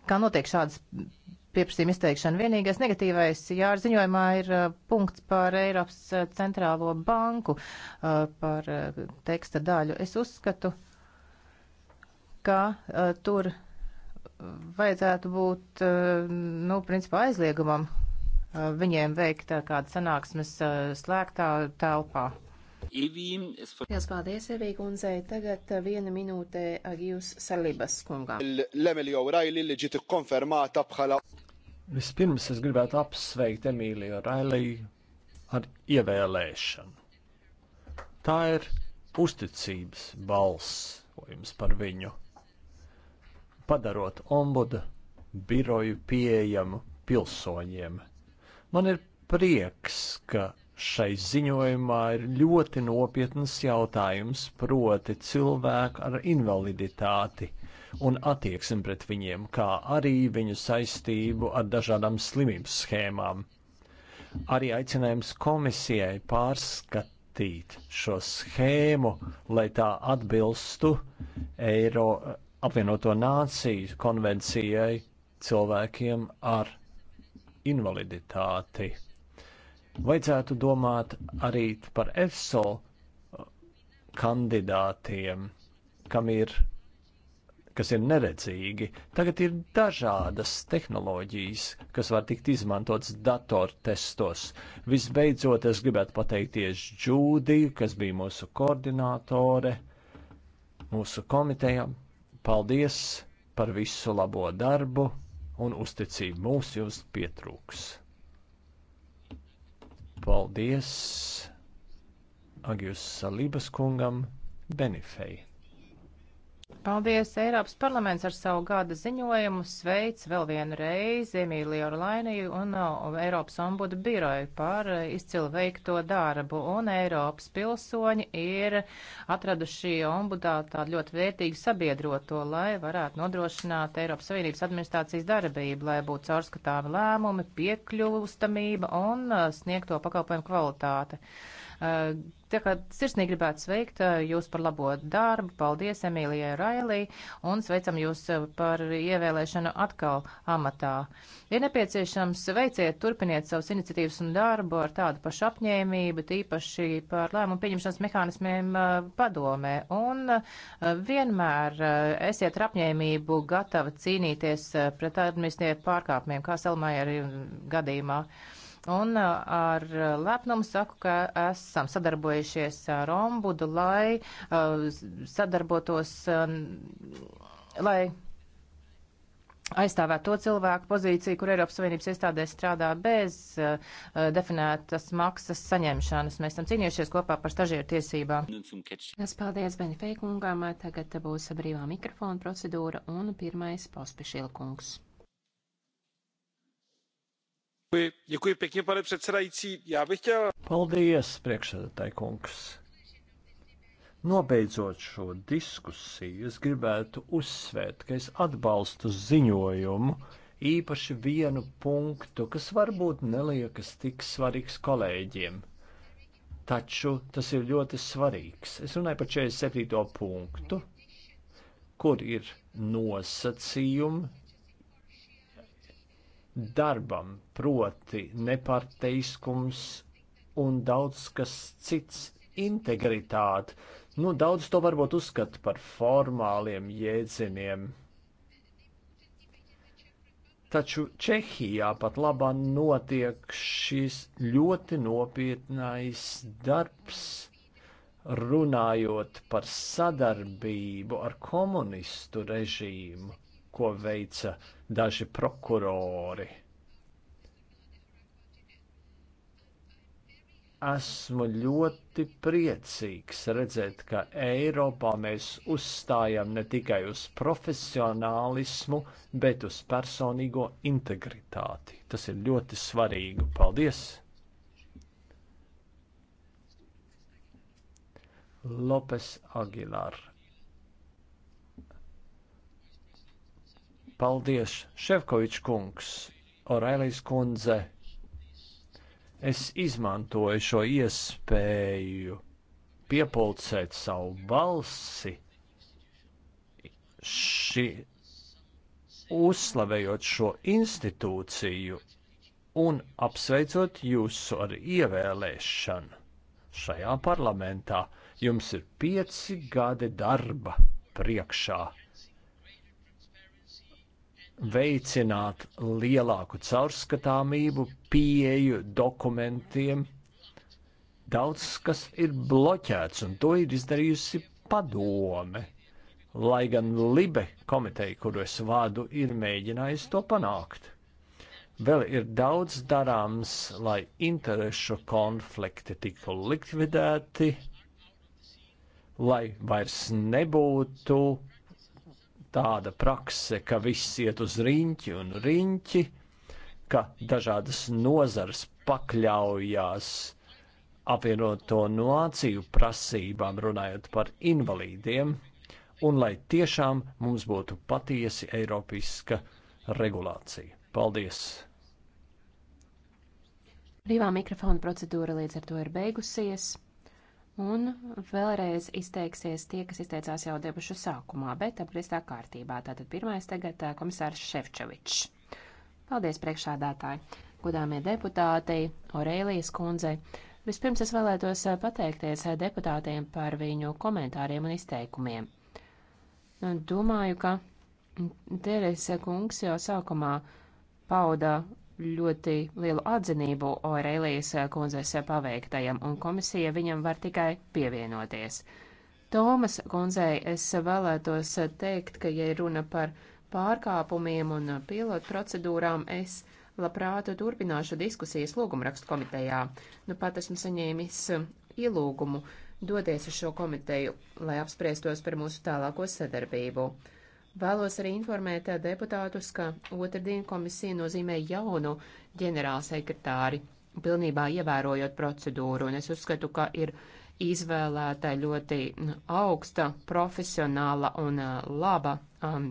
kā notiek šādas pieprasījuma izteikšana. Vienīgais negatīvais jāra ziņojumā ir punkts par Eiropas centrālo banku, par teksta daļu. Es uzskatu, ka tur vajadzētu būt, nu, principā aizliegumam Eh, viņiem veikt eh, kādu sanāksmes eh, slēgtā telpā. Liels paldies, Evī kundzei. Tagad viena minūte Agijus Salibas kungām. Vispirms es gribētu apsveikt Emīliju Railiju ar ievēlēšanu. Tā ir uzticības balsojums par viņu, padarot ombudu biroju pieejamu pilsoņiem. Man ir prieks, ka šai ziņojumā ir ļoti nopietns jautājums, proti cilvēku ar invaliditāti un attieksmi pret viņiem, kā arī viņu saistību ar dažādām slimības schēmām. Arī aicinājums komisijai pārskatīt šo schēmu, lai tā atbilstu Eiro apvienoto nāciju konvencijai cilvēkiem ar invaliditāti. Vajadzētu domāt arī par EFSO uh, kandidātiem, kam ir, kas ir neredzīgi. Tagad ir dažādas tehnoloģijas, kas var tikt izmantotas datortestos. Visbeidzot, es gribētu pateikties Džūdiju, kas bija mūsu koordinātore, mūsu komitejam. Paldies par visu labo darbu! un uzticību mums jums pietrūks. Paldies Agijus Salības kungam Benifei. Paldies! Eiropas parlaments ar savu gada ziņojumu sveic vēl vienu reizi Emīliju Orlainiju un uh, Eiropas ombudu biroju par uh, izcilu veikto darbu. Un Eiropas pilsoņi ir atraduši ombudā tādu ļoti vērtīgu sabiedroto, lai varētu nodrošināt Eiropas Savienības administrācijas darbību, lai būtu caurskatāmi lēmumi, piekļuvustamība un uh, sniegto pakalpojumu kvalitāte. Eh, tā kā sirsnīgi gribētu sveikt eh, jūs par labo darbu. Paldies Emīlijai Railī un sveicam jūs eh, par ievēlēšanu atkal amatā. Ir nepieciešams veiciet, turpiniet savus iniciatīvas un darbu ar tādu pašu apņēmību, tīpaši par lēmumu pieņemšanas mehānismiem padomē. Un vienmēr esiet ar apņēmību gatavi cīnīties pret administratīviem pārkāpumiem, kā Selmai arī gadījumā. Un uh, ar uh, lepnumu saku, ka esam sadarbojušies ar ombudu, lai uh, sadarbotos, um, lai aizstāvēt to cilvēku pozīciju, kur Eiropas Savienības iestādē strādā bez uh, definētas maksas saņemšanas. Mēs tam cīnījušies kopā par stažieru tiesībām. Es paldies Beņa Feikungam. Tagad būs brīvā mikrofona procedūra un pirmais pospešilkungs pane předsedající já bych chtěl. paldies priekšsēdētāj kungs. Nobeidzot šo diskusiju, es gribētu uzsvērt, ka es atbalstu ziņojumu, īpaši vienu punktu, kas varbūt neliekas tik svarīgs kolēģiem. Taču tas ir ļoti svarīgs. Es runāju par 47. punktu, kur ir nosacījumi darbam, proti neparteiskums un daudz kas cits - integritāte. Nu, daudz to varbūt uzskata par formāliem jēdzieniem. Taču Čehijā pat labā notiek šis ļoti nopietnais darbs, runājot par sadarbību ar komunistu režīmu ko veica daži prokurori. Esmu ļoti priecīgs redzēt, ka Eiropā mēs uzstājam ne tikai uz profesionālismu, bet uz personīgo integritāti. Tas ir ļoti svarīgi. Paldies! Lopes Aguilar. Paldies, Šefkovičs kungs, Orēlijas kundze. Es izmantoju šo iespēju piepulcēt savu balsi, ši, uzslavējot šo institūciju un apsveicot jūsu ar ievēlēšanu šajā parlamentā. Jums ir pieci gadi darba priekšā veicināt lielāku caurskatāmību, pieeju dokumentiem. Daudz kas ir bloķēts, un to ir izdarījusi padome. Lai gan Libe komiteja, kuru es vādu, ir mēģinājusi to panākt. Vēl ir daudz darāms, lai interešu konflikti tiktu likvidēti, lai vairs nebūtu tāda prakse, ka viss iet uz riņķi un riņķi, ka dažādas nozars pakļaujās apvienoto nāciju prasībām runājot par invalīdiem, un lai tiešām mums būtu patiesi eiropiska regulācija. Paldies! Brīvā mikrofona procedūra līdz ar to ir beigusies. Un vēlreiz izteiksies tie, kas izteicās jau debušu sākumā, bet apristā kārtībā. Tātad pirmais tagad komisārs Ševčevičs. Paldies priekšādātāji, godāmie deputāti, Orēlijas kundzei. Vispirms es vēlētos pateikties deputātiem par viņu komentāriem un izteikumiem. Nu, domāju, ka Terese kungs jau sākumā pauda ļoti lielu atzinību Oreilijas kundzes paveiktajam, un komisija viņam var tikai pievienoties. Tomas kundzei es vēlētos teikt, ka, ja runa par pārkāpumiem un pilotu procedūrām, es labprāt turpināšu diskusijas lūgumrakstu komitejā. Nu pat esmu saņēmis ielūgumu doties uz šo komiteju, lai apspriestos par mūsu tālāko sadarbību. Vēlos arī informēt eh, deputātus, ka otrdien komisija nozīmē jaunu ģenerālsekretāri, pilnībā ievērojot procedūru, un es uzskatu, ka ir izvēlēta ļoti augsta, profesionāla un eh, laba um,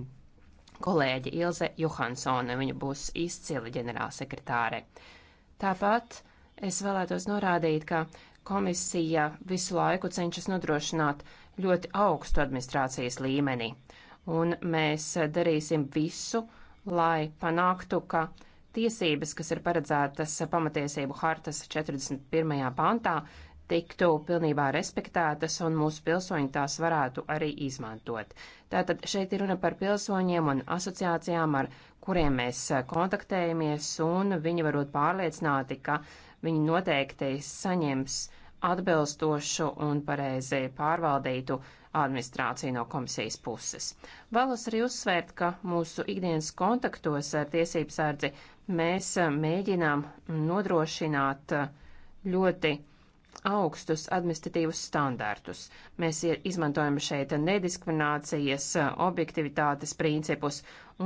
kolēģe Ilze Johansone. Viņa būs izcila ģenerālsekretāre. Tāpat es vēlētos norādīt, ka komisija visu laiku cenšas nodrošināt ļoti augstu administrācijas līmeni. Uh, un mēs darīsim visu, lai panāktu, ka tiesības, kas ir paredzētas pamatiesību hartas 41. pantā, tiktu pilnībā respektētas un mūsu pilsoņi tās varētu arī izmantot. Tātad šeit ir runa par pilsoņiem un asociācijām, ar kuriem mēs kontaktējamies, un viņi varot pārliecināti, ka viņi noteikti saņems atbilstošu un pareizi pārvaldītu administrāciju no komisijas puses. Vēlos arī uzsvērt, ka mūsu ikdienas kontaktos ar tiesību sārdzi mēs mēģinām nodrošināt ļoti augstus administratīvus standārtus. Mēs izmantojam šeit nediskriminācijas, objektivitātes principus,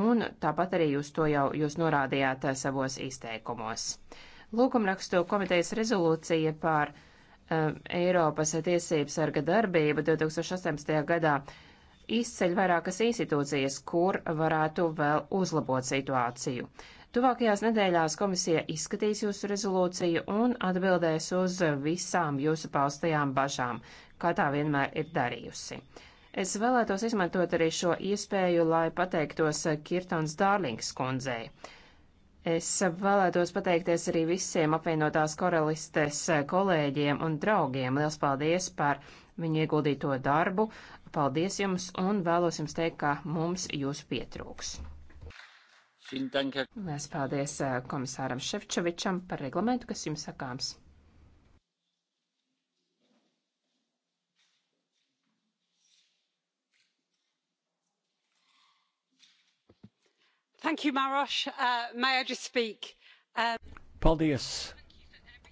un tāpat arī jūs to jau jūs norādījāt savos izteikumos. Lūgumrakstu komitejas rezolūcija par uh, Um, Eiropas tiesības sarga darbība 2018. gadā izceļ vairākas institūcijas, kur varētu vēl uzlabot situāciju. Tuvākajās nedēļās komisija izskatīs jūsu rezolūciju un atbildēs uz visām jūsu paustajām bažām, kā tā vienmēr ir darījusi. Es vēlētos izmantot arī šo iespēju, lai pateiktos Kirtons Dārlings kundzei. Es vēlētos pateikties arī visiem apvienotās koralistes kolēģiem un draugiem. Liels paldies par viņu ieguldīto darbu. Paldies jums un vēlos jums teikt, ka mums jūs pietrūks. Liels paldies eh, komisāram Ševčovičam par reglamentu, kas jums sakāms. You, Maroš. Uh, um... Paldies,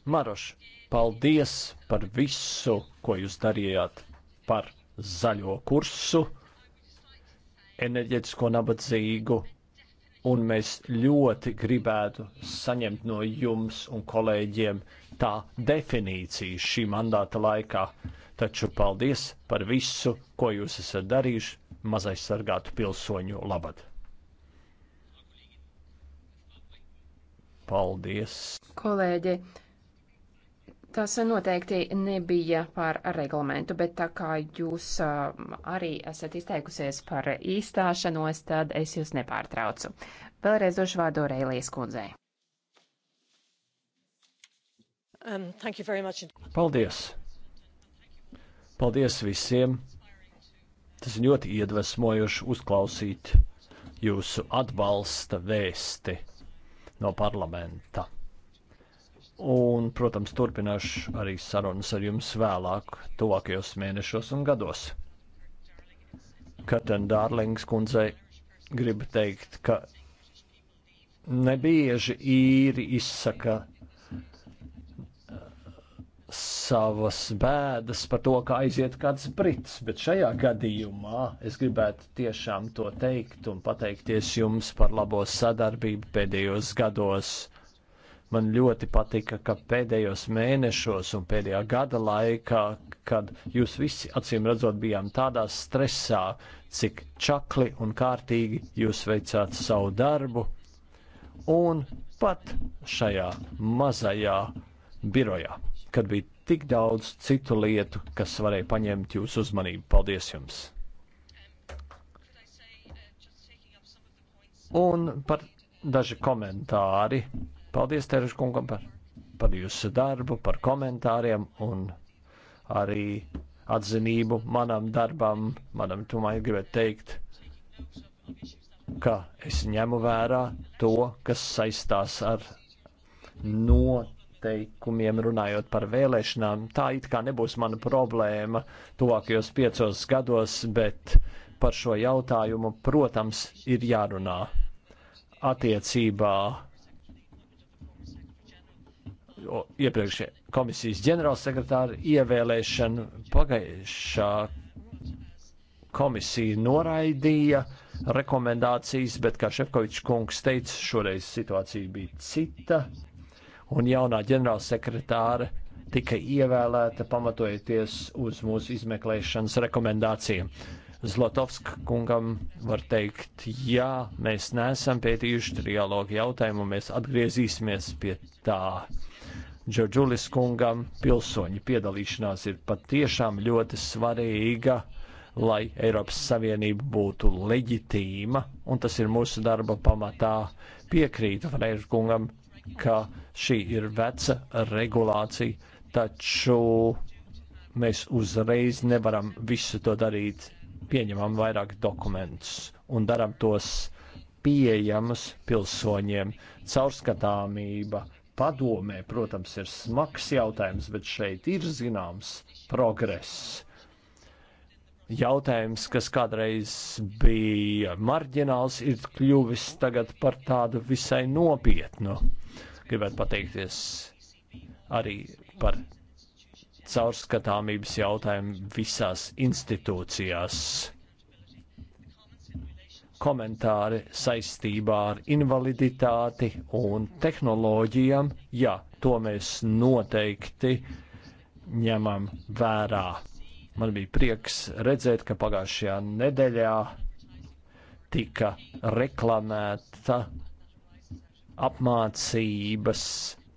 Maroš! Paldies par visu, ko jūs darījāt par zaļo kursu, enerģetisko nabadzīgu, un mēs ļoti gribētu saņemt no jums un kolēģiem tā definīciju šī mandāta laikā. Taču paldies par visu, ko jūs esat darījuši mazais sargātu pilsoņu labad. Paldies! Kolēģi, tas noteikti nebija par reglamentu, bet tā kā jūs arī esat izteikusies par īstāšanos, tad es jūs nepārtraucu. Vēlreiz došu vārdu Reilijas kundzei. Um, Paldies! Paldies visiem! Tas ir ļoti iedvesmojoši uzklausīt jūsu atbalsta vēsti no parlamenta. Un, protams, turpināšu arī sarunas ar jums vēlāk, tuvākajos mēnešos un gados. Katena Dārlings kundzei gribu teikt, ka nebieži īri izsaka savas bēdas par to, ka aiziet kāds brits, bet šajā gadījumā es gribētu tiešām to teikt un pateikties jums par labo sadarbību pēdējos gados. Man ļoti patika, ka pēdējos mēnešos un pēdējā gada laikā, kad jūs visi acīm redzot bijām tādā stresā, cik čakli un kārtīgi jūs veicāt savu darbu, un pat šajā mazajā birojā kad bija tik daudz citu lietu, kas varēja paņemt jūsu uzmanību. Paldies jums! Un par daži komentāri. Paldies, Tereš kungam, par, par jūsu darbu, par komentāriem un arī atzinību manam darbam. Manam tumai gribētu teikt, ka es ņemu vērā to, kas saistās ar notiekumu noteikumiem, runājot par vēlēšanām. Tā it kā nebūs mana problēma tuvākajos piecos gados, bet par šo jautājumu, protams, ir jārunā attiecībā iepriekšējā komisijas ģenerālsekretāra ievēlēšanu pagājušā komisija noraidīja rekomendācijas, bet, kā Šefkovičs kungs teica, šoreiz situācija bija cita un jaunā ģenerālsekretāra tika ievēlēta pamatojoties uz mūsu izmeklēšanas rekomendācijām. Zlotovska kungam var teikt, jā, mēs neesam pētījuši trialogu jautājumu, mēs atgriezīsimies pie tā. Džordžulis kungam pilsoņu piedalīšanās ir patiešām ļoti svarīga, lai Eiropas Savienība būtu leģitīma, un tas ir mūsu darba pamatā. Piekrītu Freire kungam, ka šī ir veca regulācija, taču mēs uzreiz nevaram visu to darīt. Pieņemam vairāk dokumentus un darām tos pieejamus pilsoņiem. Caurskatāmība padomē, protams, ir smags jautājums, bet šeit ir zināms progress. Jautājums, kas kādreiz bija marģināls, ir kļuvis tagad par tādu visai nopietnu. Gribētu pateikties arī par caurskatāmības jautājumu visās institūcijās. Komentāri saistībā ar invaliditāti un tehnoloģijām, jā, to mēs noteikti ņemam vērā. Man bija prieks redzēt, ka pagājušajā nedēļā tika reklamēta apmācības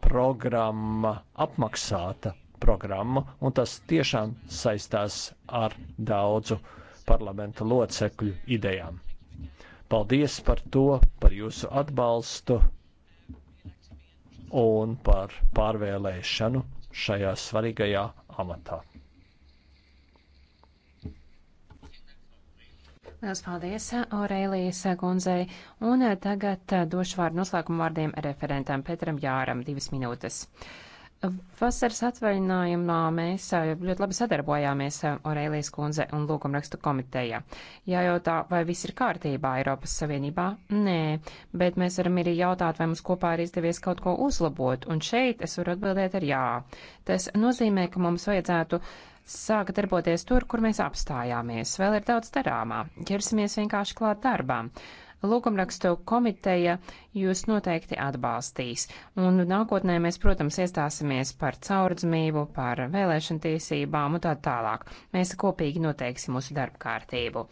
programma, apmaksāta programma, un tas tiešām saistās ar daudzu parlamenta locekļu idejām. Paldies par to, par jūsu atbalstu un par pārvēlēšanu šajā svarīgajā amatā. Lielas paldies, Aurēlijas Gunzei. Un eh, tagad eh, došu vārdu noslēguma vārdiem referentam Petram Jāram, divas minūtes. Vasaras atvaļinājumā mēs eh, ļoti labi sadarbojāmies Aurēlijas kundze un lūgumrakstu komiteja. Jājautā, vai viss ir kārtībā Eiropas Savienībā? Nē, bet mēs varam arī jautāt, vai mums kopā ir izdevies kaut ko uzlabot, un šeit es varu atbildēt ar jā. Tas nozīmē, ka mums vajadzētu uh, sāka darboties tur, kur mēs apstājāmies. Vēl ir daudz darāmā. Ķersimies vienkārši klāt darbām. Lūgumrakstu komiteja jūs noteikti atbalstīs. Un nākotnē mēs, protams, iestāsimies par caurdzmību, par vēlēšanu tiesībām un tā tālāk. Mēs kopīgi noteiksim mūsu darba kārtību.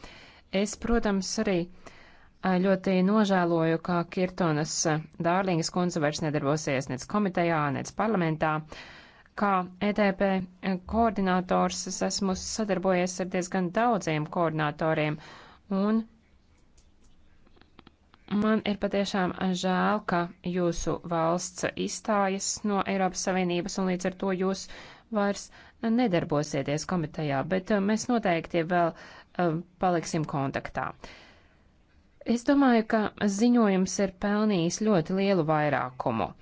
Es, protams, arī ļoti nožēloju, ka Kirtonas Dārlingas kundze vairs nedarbosies nec komitejā, nec parlamentā. Uh, Kā ETP koordinators es esmu sadarbojies ar diezgan daudziem koordinatoriem, un man ir patiešām žēl, ka jūsu valsts izstājas no Eiropas Savienības, un līdz ar to jūs vairs nedarbosieties komitejā, bet uh, mēs noteikti vēl uh, paliksim kontaktā. Es domāju, ka ziņojums ir pelnījis ļoti lielu vairākumu.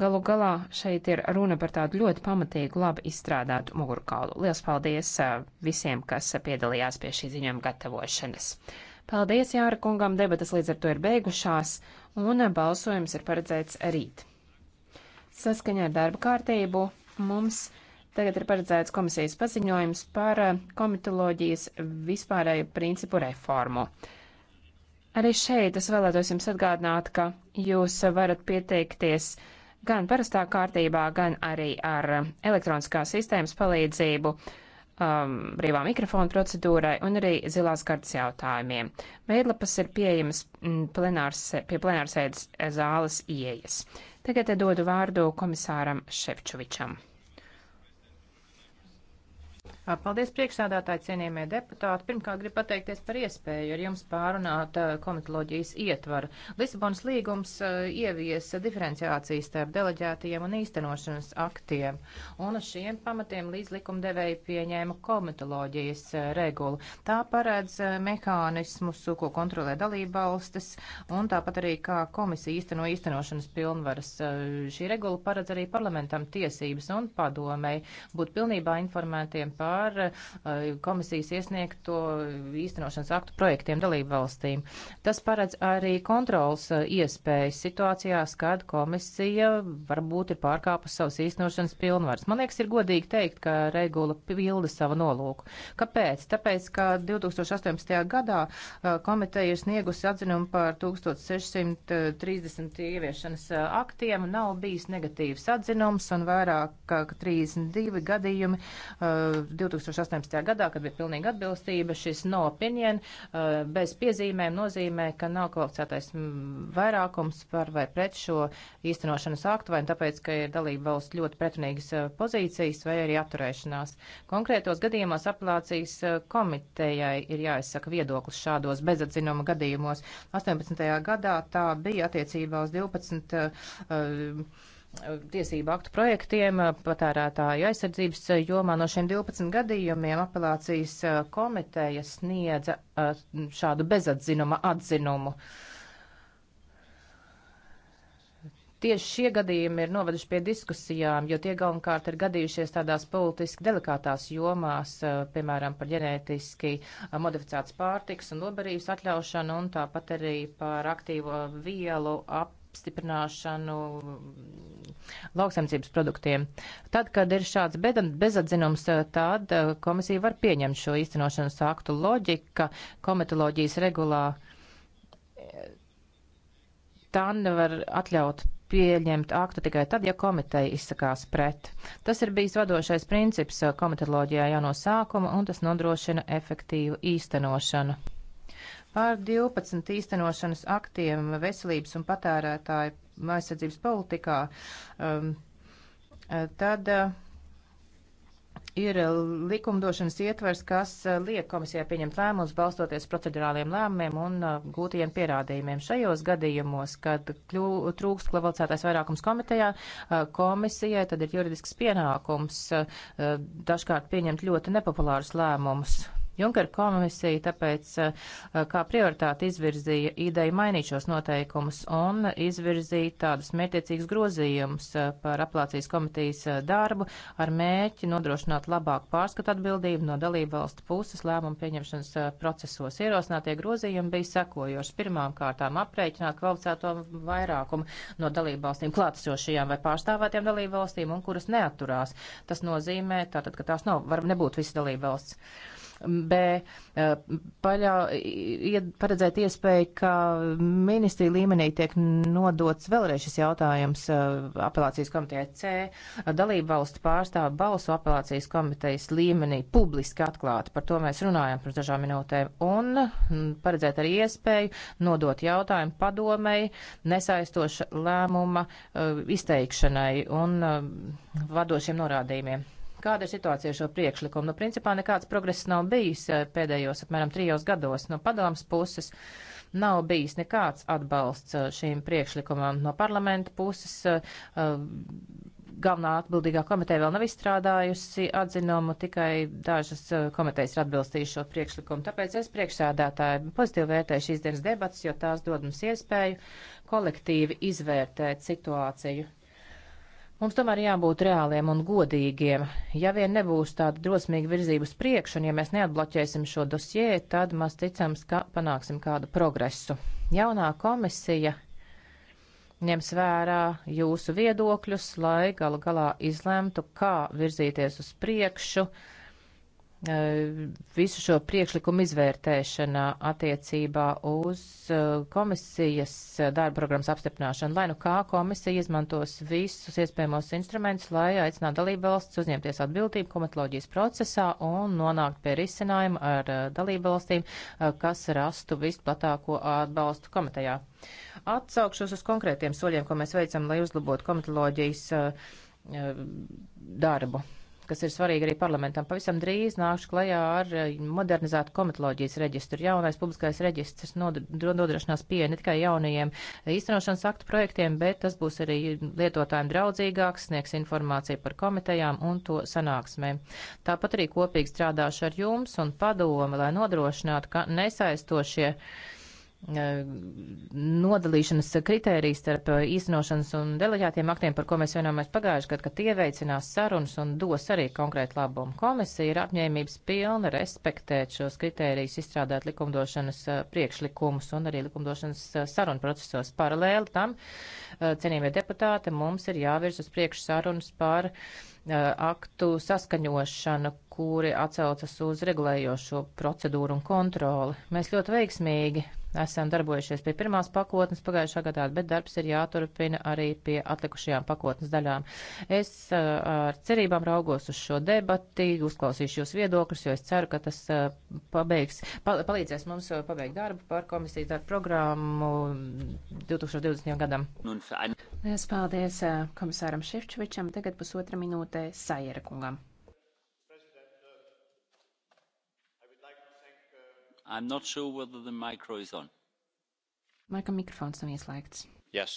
Galu galā šeit ir runa par tādu ļoti pamatīgu, labi izstrādātu mugurkaulu. Lielas paldies uh, visiem, kas piedalījās pie šī ziņojuma gatavošanas. Paldies Jāra kungam, debatas līdz ar to ir beigušās, un uh, balsojums ir paredzēts rīt. Saskaņā ar darba kārtību mums tagad ir paredzēts komisijas paziņojums par uh, komitoloģijas vispārēju principu reformu. Arī šeit es vēlētos jums atgādināt, ka jūs varat pieteikties gan parastā kārtībā, gan arī ar elektroniskās sistēmas palīdzību, um, brīvā mikrofona procedūrai un arī zilās kartas jautājumiem. Veidlapas ir pieejamas mm, plenārs, pie plenārsēdes zāles ieejas. Tagad dodu vārdu komisāram Ševčovičam. Paldies priekšsādātāji, cienījamie deputāti. Pirmkārt, gribu pateikties par iespēju ar jums pārunāt komitoloģijas ietvaru. Lisabonas līgums ieviesa diferenciācijas starp deleģētajiem un īstenošanas aktiem, un uz šiem pamatiem līdz likumdevēji pieņēma komitoloģijas regulu. Tā paredz mehānismus, ko kontrolē dalībvalstis, un tāpat arī kā komisija īsteno īstenošanas pilnvaras. Šī regula paredz arī parlamentam tiesības un padomēji būt pilnībā informētiem par par eh, komisijas iesniegto īstenošanas aktu projektiem dalību valstīm. Tas paredz arī kontrols eh, iespējas situācijās, kad komisija varbūt ir pārkāpus savas īstenošanas pilnvaras. Man liekas, ir godīgi teikt, ka regula pilda savu nolūku. Kāpēc? Tāpēc, ka 2018. gadā eh, komiteja ir sniegusi atzinumu par 1630 ieviešanas aktiem, nav bijis negatīvs atzinums un vairāk kā 32 gadījumi uh, 2018. gadā, kad bija pilnīga atbilstība, šis no opinion eh, bez piezīmēm nozīmē, ka nav kvalificētais mm, vairākums par vai pret šo īstenošanas aktu, vai tāpēc, ka ir dalība valsts ļoti pretrunīgas eh, pozīcijas vai arī atturēšanās. Konkrētos gadījumos apelācijas eh, komitejai ir jāizsaka viedoklis šādos bezatzinuma gadījumos. 18. gadā tā bija attiecībā uz 12. Uh, tiesību aktu projektiem patērētāju aizsardzības jomā. No šiem 12 gadījumiem apelācijas eh, komiteja sniedza eh, šādu bezatzinuma atzinumu. Tieši šie gadījumi ir noveduši pie diskusijām, jo tie galvenokārt ir gadījušies tādās politiski delikātās jomās, eh, piemēram, par ģenētiski modificētas pārtiks un lobarības atļaušanu un tāpat arī par aktīvo vielu ap apstiprināšanu lauksaimniecības produktiem. Tad, kad ir šāds bezatzinums, eh, tad eh, komisija var pieņemt šo īstenošanas aktu loģika komitoloģijas regulā. Eh, tā nevar atļaut pieņemt aktu tikai tad, ja komiteja izsakās pret. Tas ir bijis vadošais princips komitoloģijā jau no sākuma, un tas nodrošina efektīvu īstenošanu. Pār 12 īstenošanas aktiem veselības un patērētāju aizsardzības politikā, um, eh, tad uh, ir likumdošanas ietvers, kas eh, liek komisijai pieņemt lēmumus balstoties procedurāliem lēmumiem un gūtajiem pierādījumiem. Šajos gadījumos, kad kļū, trūkst klavalcētais vairākums komitejā, komisijai tad ir juridisks pienākums dažkārt pieņemt ļoti nepopulārus lēmumus. Junker komisija tāpēc eh, kā prioritāti izvirzīja ideju mainīt šos noteikumus un izvirzīt tādus mērķiecīgus grozījumus eh, par apelācijas komitejas eh, darbu ar mērķi nodrošināt labāku pārskatu atbildību no dalību valstu puses lēmumu pieņemšanas procesos. Ierosinātie grozījumi bija sekojoši. Pirmām kārtām aprēķināt kvalificēto vairākumu no dalību valstīm klātesošajām vai pārstāvētiem dalību valstīm un kuras neaturās. Tas nozīmē, tātad, ka tās nav, var nebūt visas dalību valsts. B. Eh, Paļā, paredzēt iespēju, ka ministrija līmenī tiek nodots vēlreiz šis jautājums eh, apelācijas komitejai C. Dalību valstu pārstāvu balsu apelācijas komitejas līmenī publiski atklāti. Par to mēs runājam pirms dažām minūtēm. Un mm, paredzēt arī iespēju nodot jautājumu padomēji nesaistoša lēmuma eh, izteikšanai un vadošiem norādījumiem. Kāda ir situācija ar šo priekšlikumu? Nu, principā nekāds progress nav bijis eh, pēdējos apmēram trijos gados. No padomas puses nav bijis nekāds atbalsts eh, šīm priekšlikumam. No parlamenta puses eh, galvenā atbildīgā komiteja vēl nav izstrādājusi atzinumu, tikai dažas komitejas ir atbilstījuši šo priekšlikumu. Tāpēc es priekšsēdētāju pozitīvi vērtēju šīs dienas debatas, jo tās dod mums iespēju kolektīvi izvērtēt situāciju Mums tomēr jābūt reāliem un godīgiem. Ja vien nebūs tāda drosmīga virzība uz priekšu, un ja mēs neatbloķēsim šo dosjē, tad maz ticams, ka panāksim kādu progresu. Jaunā komisija ņems vērā jūsu viedokļus, lai gala galā izlemtu, kā virzīties uz priekšu. Uh, E, visu šo priekšlikumu izvērtēšana attiecībā uz e, komisijas darba programmas apstiprināšanu, lai nu kā komisija izmantos visus iespējamos instrumentus, lai aicinātu dalību valsts uzņemties atbildību komatoloģijas procesā un nonākt pie risinājuma ar e, dalību valstīm, kas rastu visplatāko atbalstu komitejā. Atsaukšos uz konkrētiem soļiem, ko mēs veicam, lai uzlabotu komatoloģijas darbu kas ir svarīga arī parlamentam. Pavisam drīz nākšu klajā ar eh, modernizētu komitoloģijas reģistru. Jaunais publiskais reģistrs nodrošinās pieeja ne tikai jaunajiem eh, īstenošanas aktu projektiem, bet tas būs arī lietotājiem draudzīgāks, sniegs informāciju par komitejām un to sanāksmēm. Tāpat arī kopīgi strādāšu ar jums un padomu, lai nodrošinātu, ka nesaistošie. Yeah E, nodalīšanas kritērijas starp e, īstenošanas un deleģētiem aktiem, par ko mēs vienojamies pagājuši gadu, ka tie veicinās sarunas un dos arī konkrētu labumu. Komisija ir apņēmības pilna respektēt šos kritērijus, izstrādāt likumdošanas e, priekšlikumus un arī likumdošanas sarunu procesos. Paralēli tam, cienījamie deputāti, mums ir jāvirz uz priekšu sarunas par aktu saskaņošanu, kuri atcaucas uz regulējošo procedūru un kontroli. Mēs ļoti veiksmīgi esam darbojušies pie pirmās pakotnes pagājušā gadā, bet darbs ir jāturpina arī pie atlikušajām pakotnes daļām. Es ar cerībām raugos uz šo debati, uzklausīšu jūs viedokļus, jo es ceru, ka tas pabeigs, pal palīdzēs mums pabeigt darbu par komisijas darbu programmu 2020. gadam. Liels paldies komisāram Šefčovičam, tagad pusotra minūte Sajera kungam. i'm not sure whether the micro is on. Maikam mikrofons nav ieslēgts. Yes.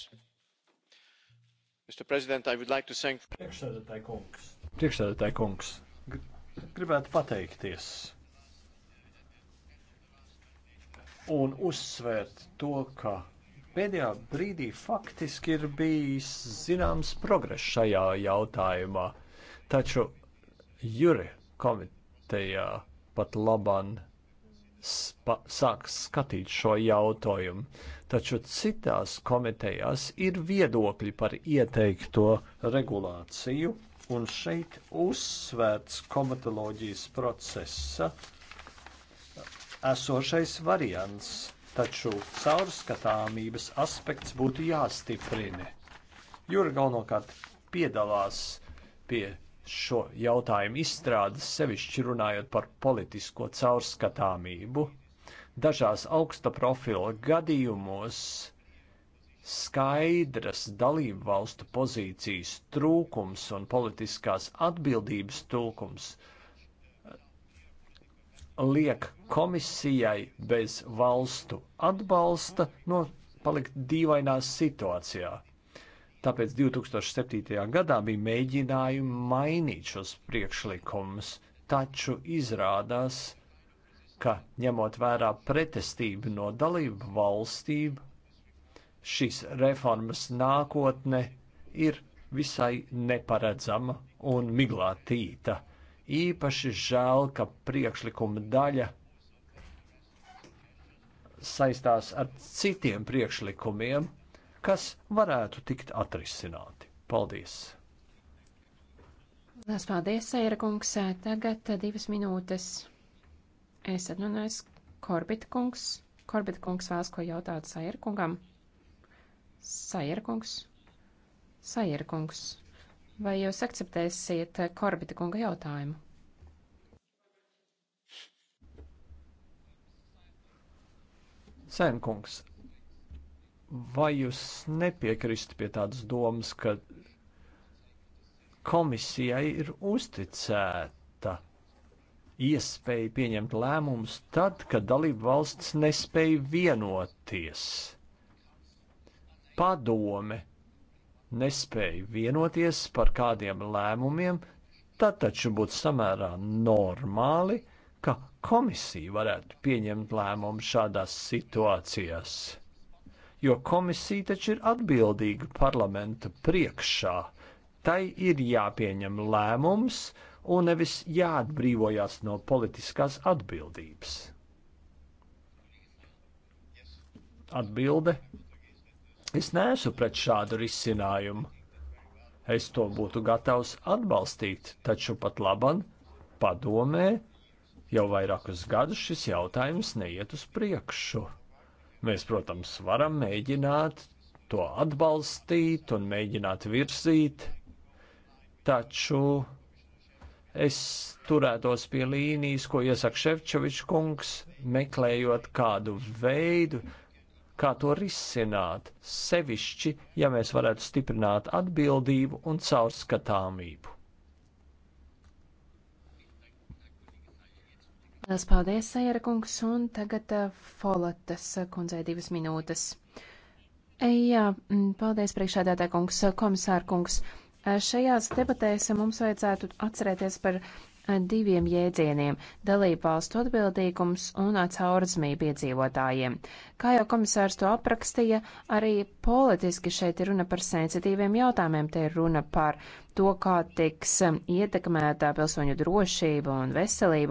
Mr. President, I would like to thank... Priekšsēdētāji kungs. Priekšsēdētāji kungs. Gribētu pateikties un uzsvērt to, ka pēdējā brīdī faktiski ir bijis zināms progress šajā jautājumā, taču Jure komitejā pat laban sāks skatīt šo jautājumu. Taču citās komitejās ir viedokļi par ieteikto regulāciju, un šeit uzsvērts komatoloģijas procesa esošais variants, taču caurskatāmības aspekts būtu jāstiprina. Jūra galvenokārt piedalās pie šo jautājumu izstrādes, sevišķi runājot par politisko caurskatāmību. Dažās augsta profila gadījumos skaidras dalību valstu pozīcijas trūkums un politiskās atbildības trūkums liek komisijai bez valstu atbalsta nopalikt dīvainā situācijā. Tāpēc 2007. gadā bija mēģinājumi mainīt šos priekšlikumus, taču izrādās, ka ņemot vērā pretestību no dalību valstīm, šīs reformas nākotne ir visai neparedzama un miglātīta. Īpaši žēl, ka priekšlikuma daļa saistās ar citiem priekšlikumiem, kas varētu tikt atrisināti. Paldies! Lās paldies, Saira kungs. Tagad divas minūtes. Es atnunājos Korbita kungs. Korbita kungs vēlas ko jautāt Saira kungam. Saira kungs. Saira kungs. Vai jūs akceptēsiet Korbita kunga jautājumu? Sēnkungs, vai jūs nepiekristu pie tādas domas, ka komisijai ir uzticēta iespēja pieņemt lēmumus tad, kad dalību valsts nespēja vienoties? Padome nespēja vienoties par kādiem lēmumiem, tad taču būtu samērā normāli, ka komisija varētu pieņemt lēmumu šādās situācijās jo komisija taču ir atbildīga parlamenta priekšā. Tai ir jāpieņem lēmums un nevis jāatbrīvojas no politiskās atbildības. Atbilde. Es neesmu pret šādu risinājumu. Es to būtu gatavs atbalstīt, taču pat laban padomē jau vairākus gadus šis jautājums neiet uz priekšu. Mēs, protams, varam mēģināt to atbalstīt un mēģināt virzīt, taču es turētos pie līnijas, ko iesaka Ševčovičs kungs, meklējot kādu veidu, kā to risināt, sevišķi, ja mēs varētu stiprināt atbildību un caurskatāmību. Lielas paldies, Sajara kungs, un tagad uh, Folotas eh, kundzei divas minūtes. Jā, mm, paldies, priekšādātā kungs, eh, komisāra kungs. Šajās debatēs mums vajadzētu atcerēties par diviem jēdzieniem - dalībvalstu atbildīgums un caurzmība iedzīvotājiem. Kā jau komisārs to aprakstīja, arī politiski šeit ir runa par sensitīviem jautājumiem. Te ir runa par to, kā tiks ietekmētā pilsoņu drošība un veselība.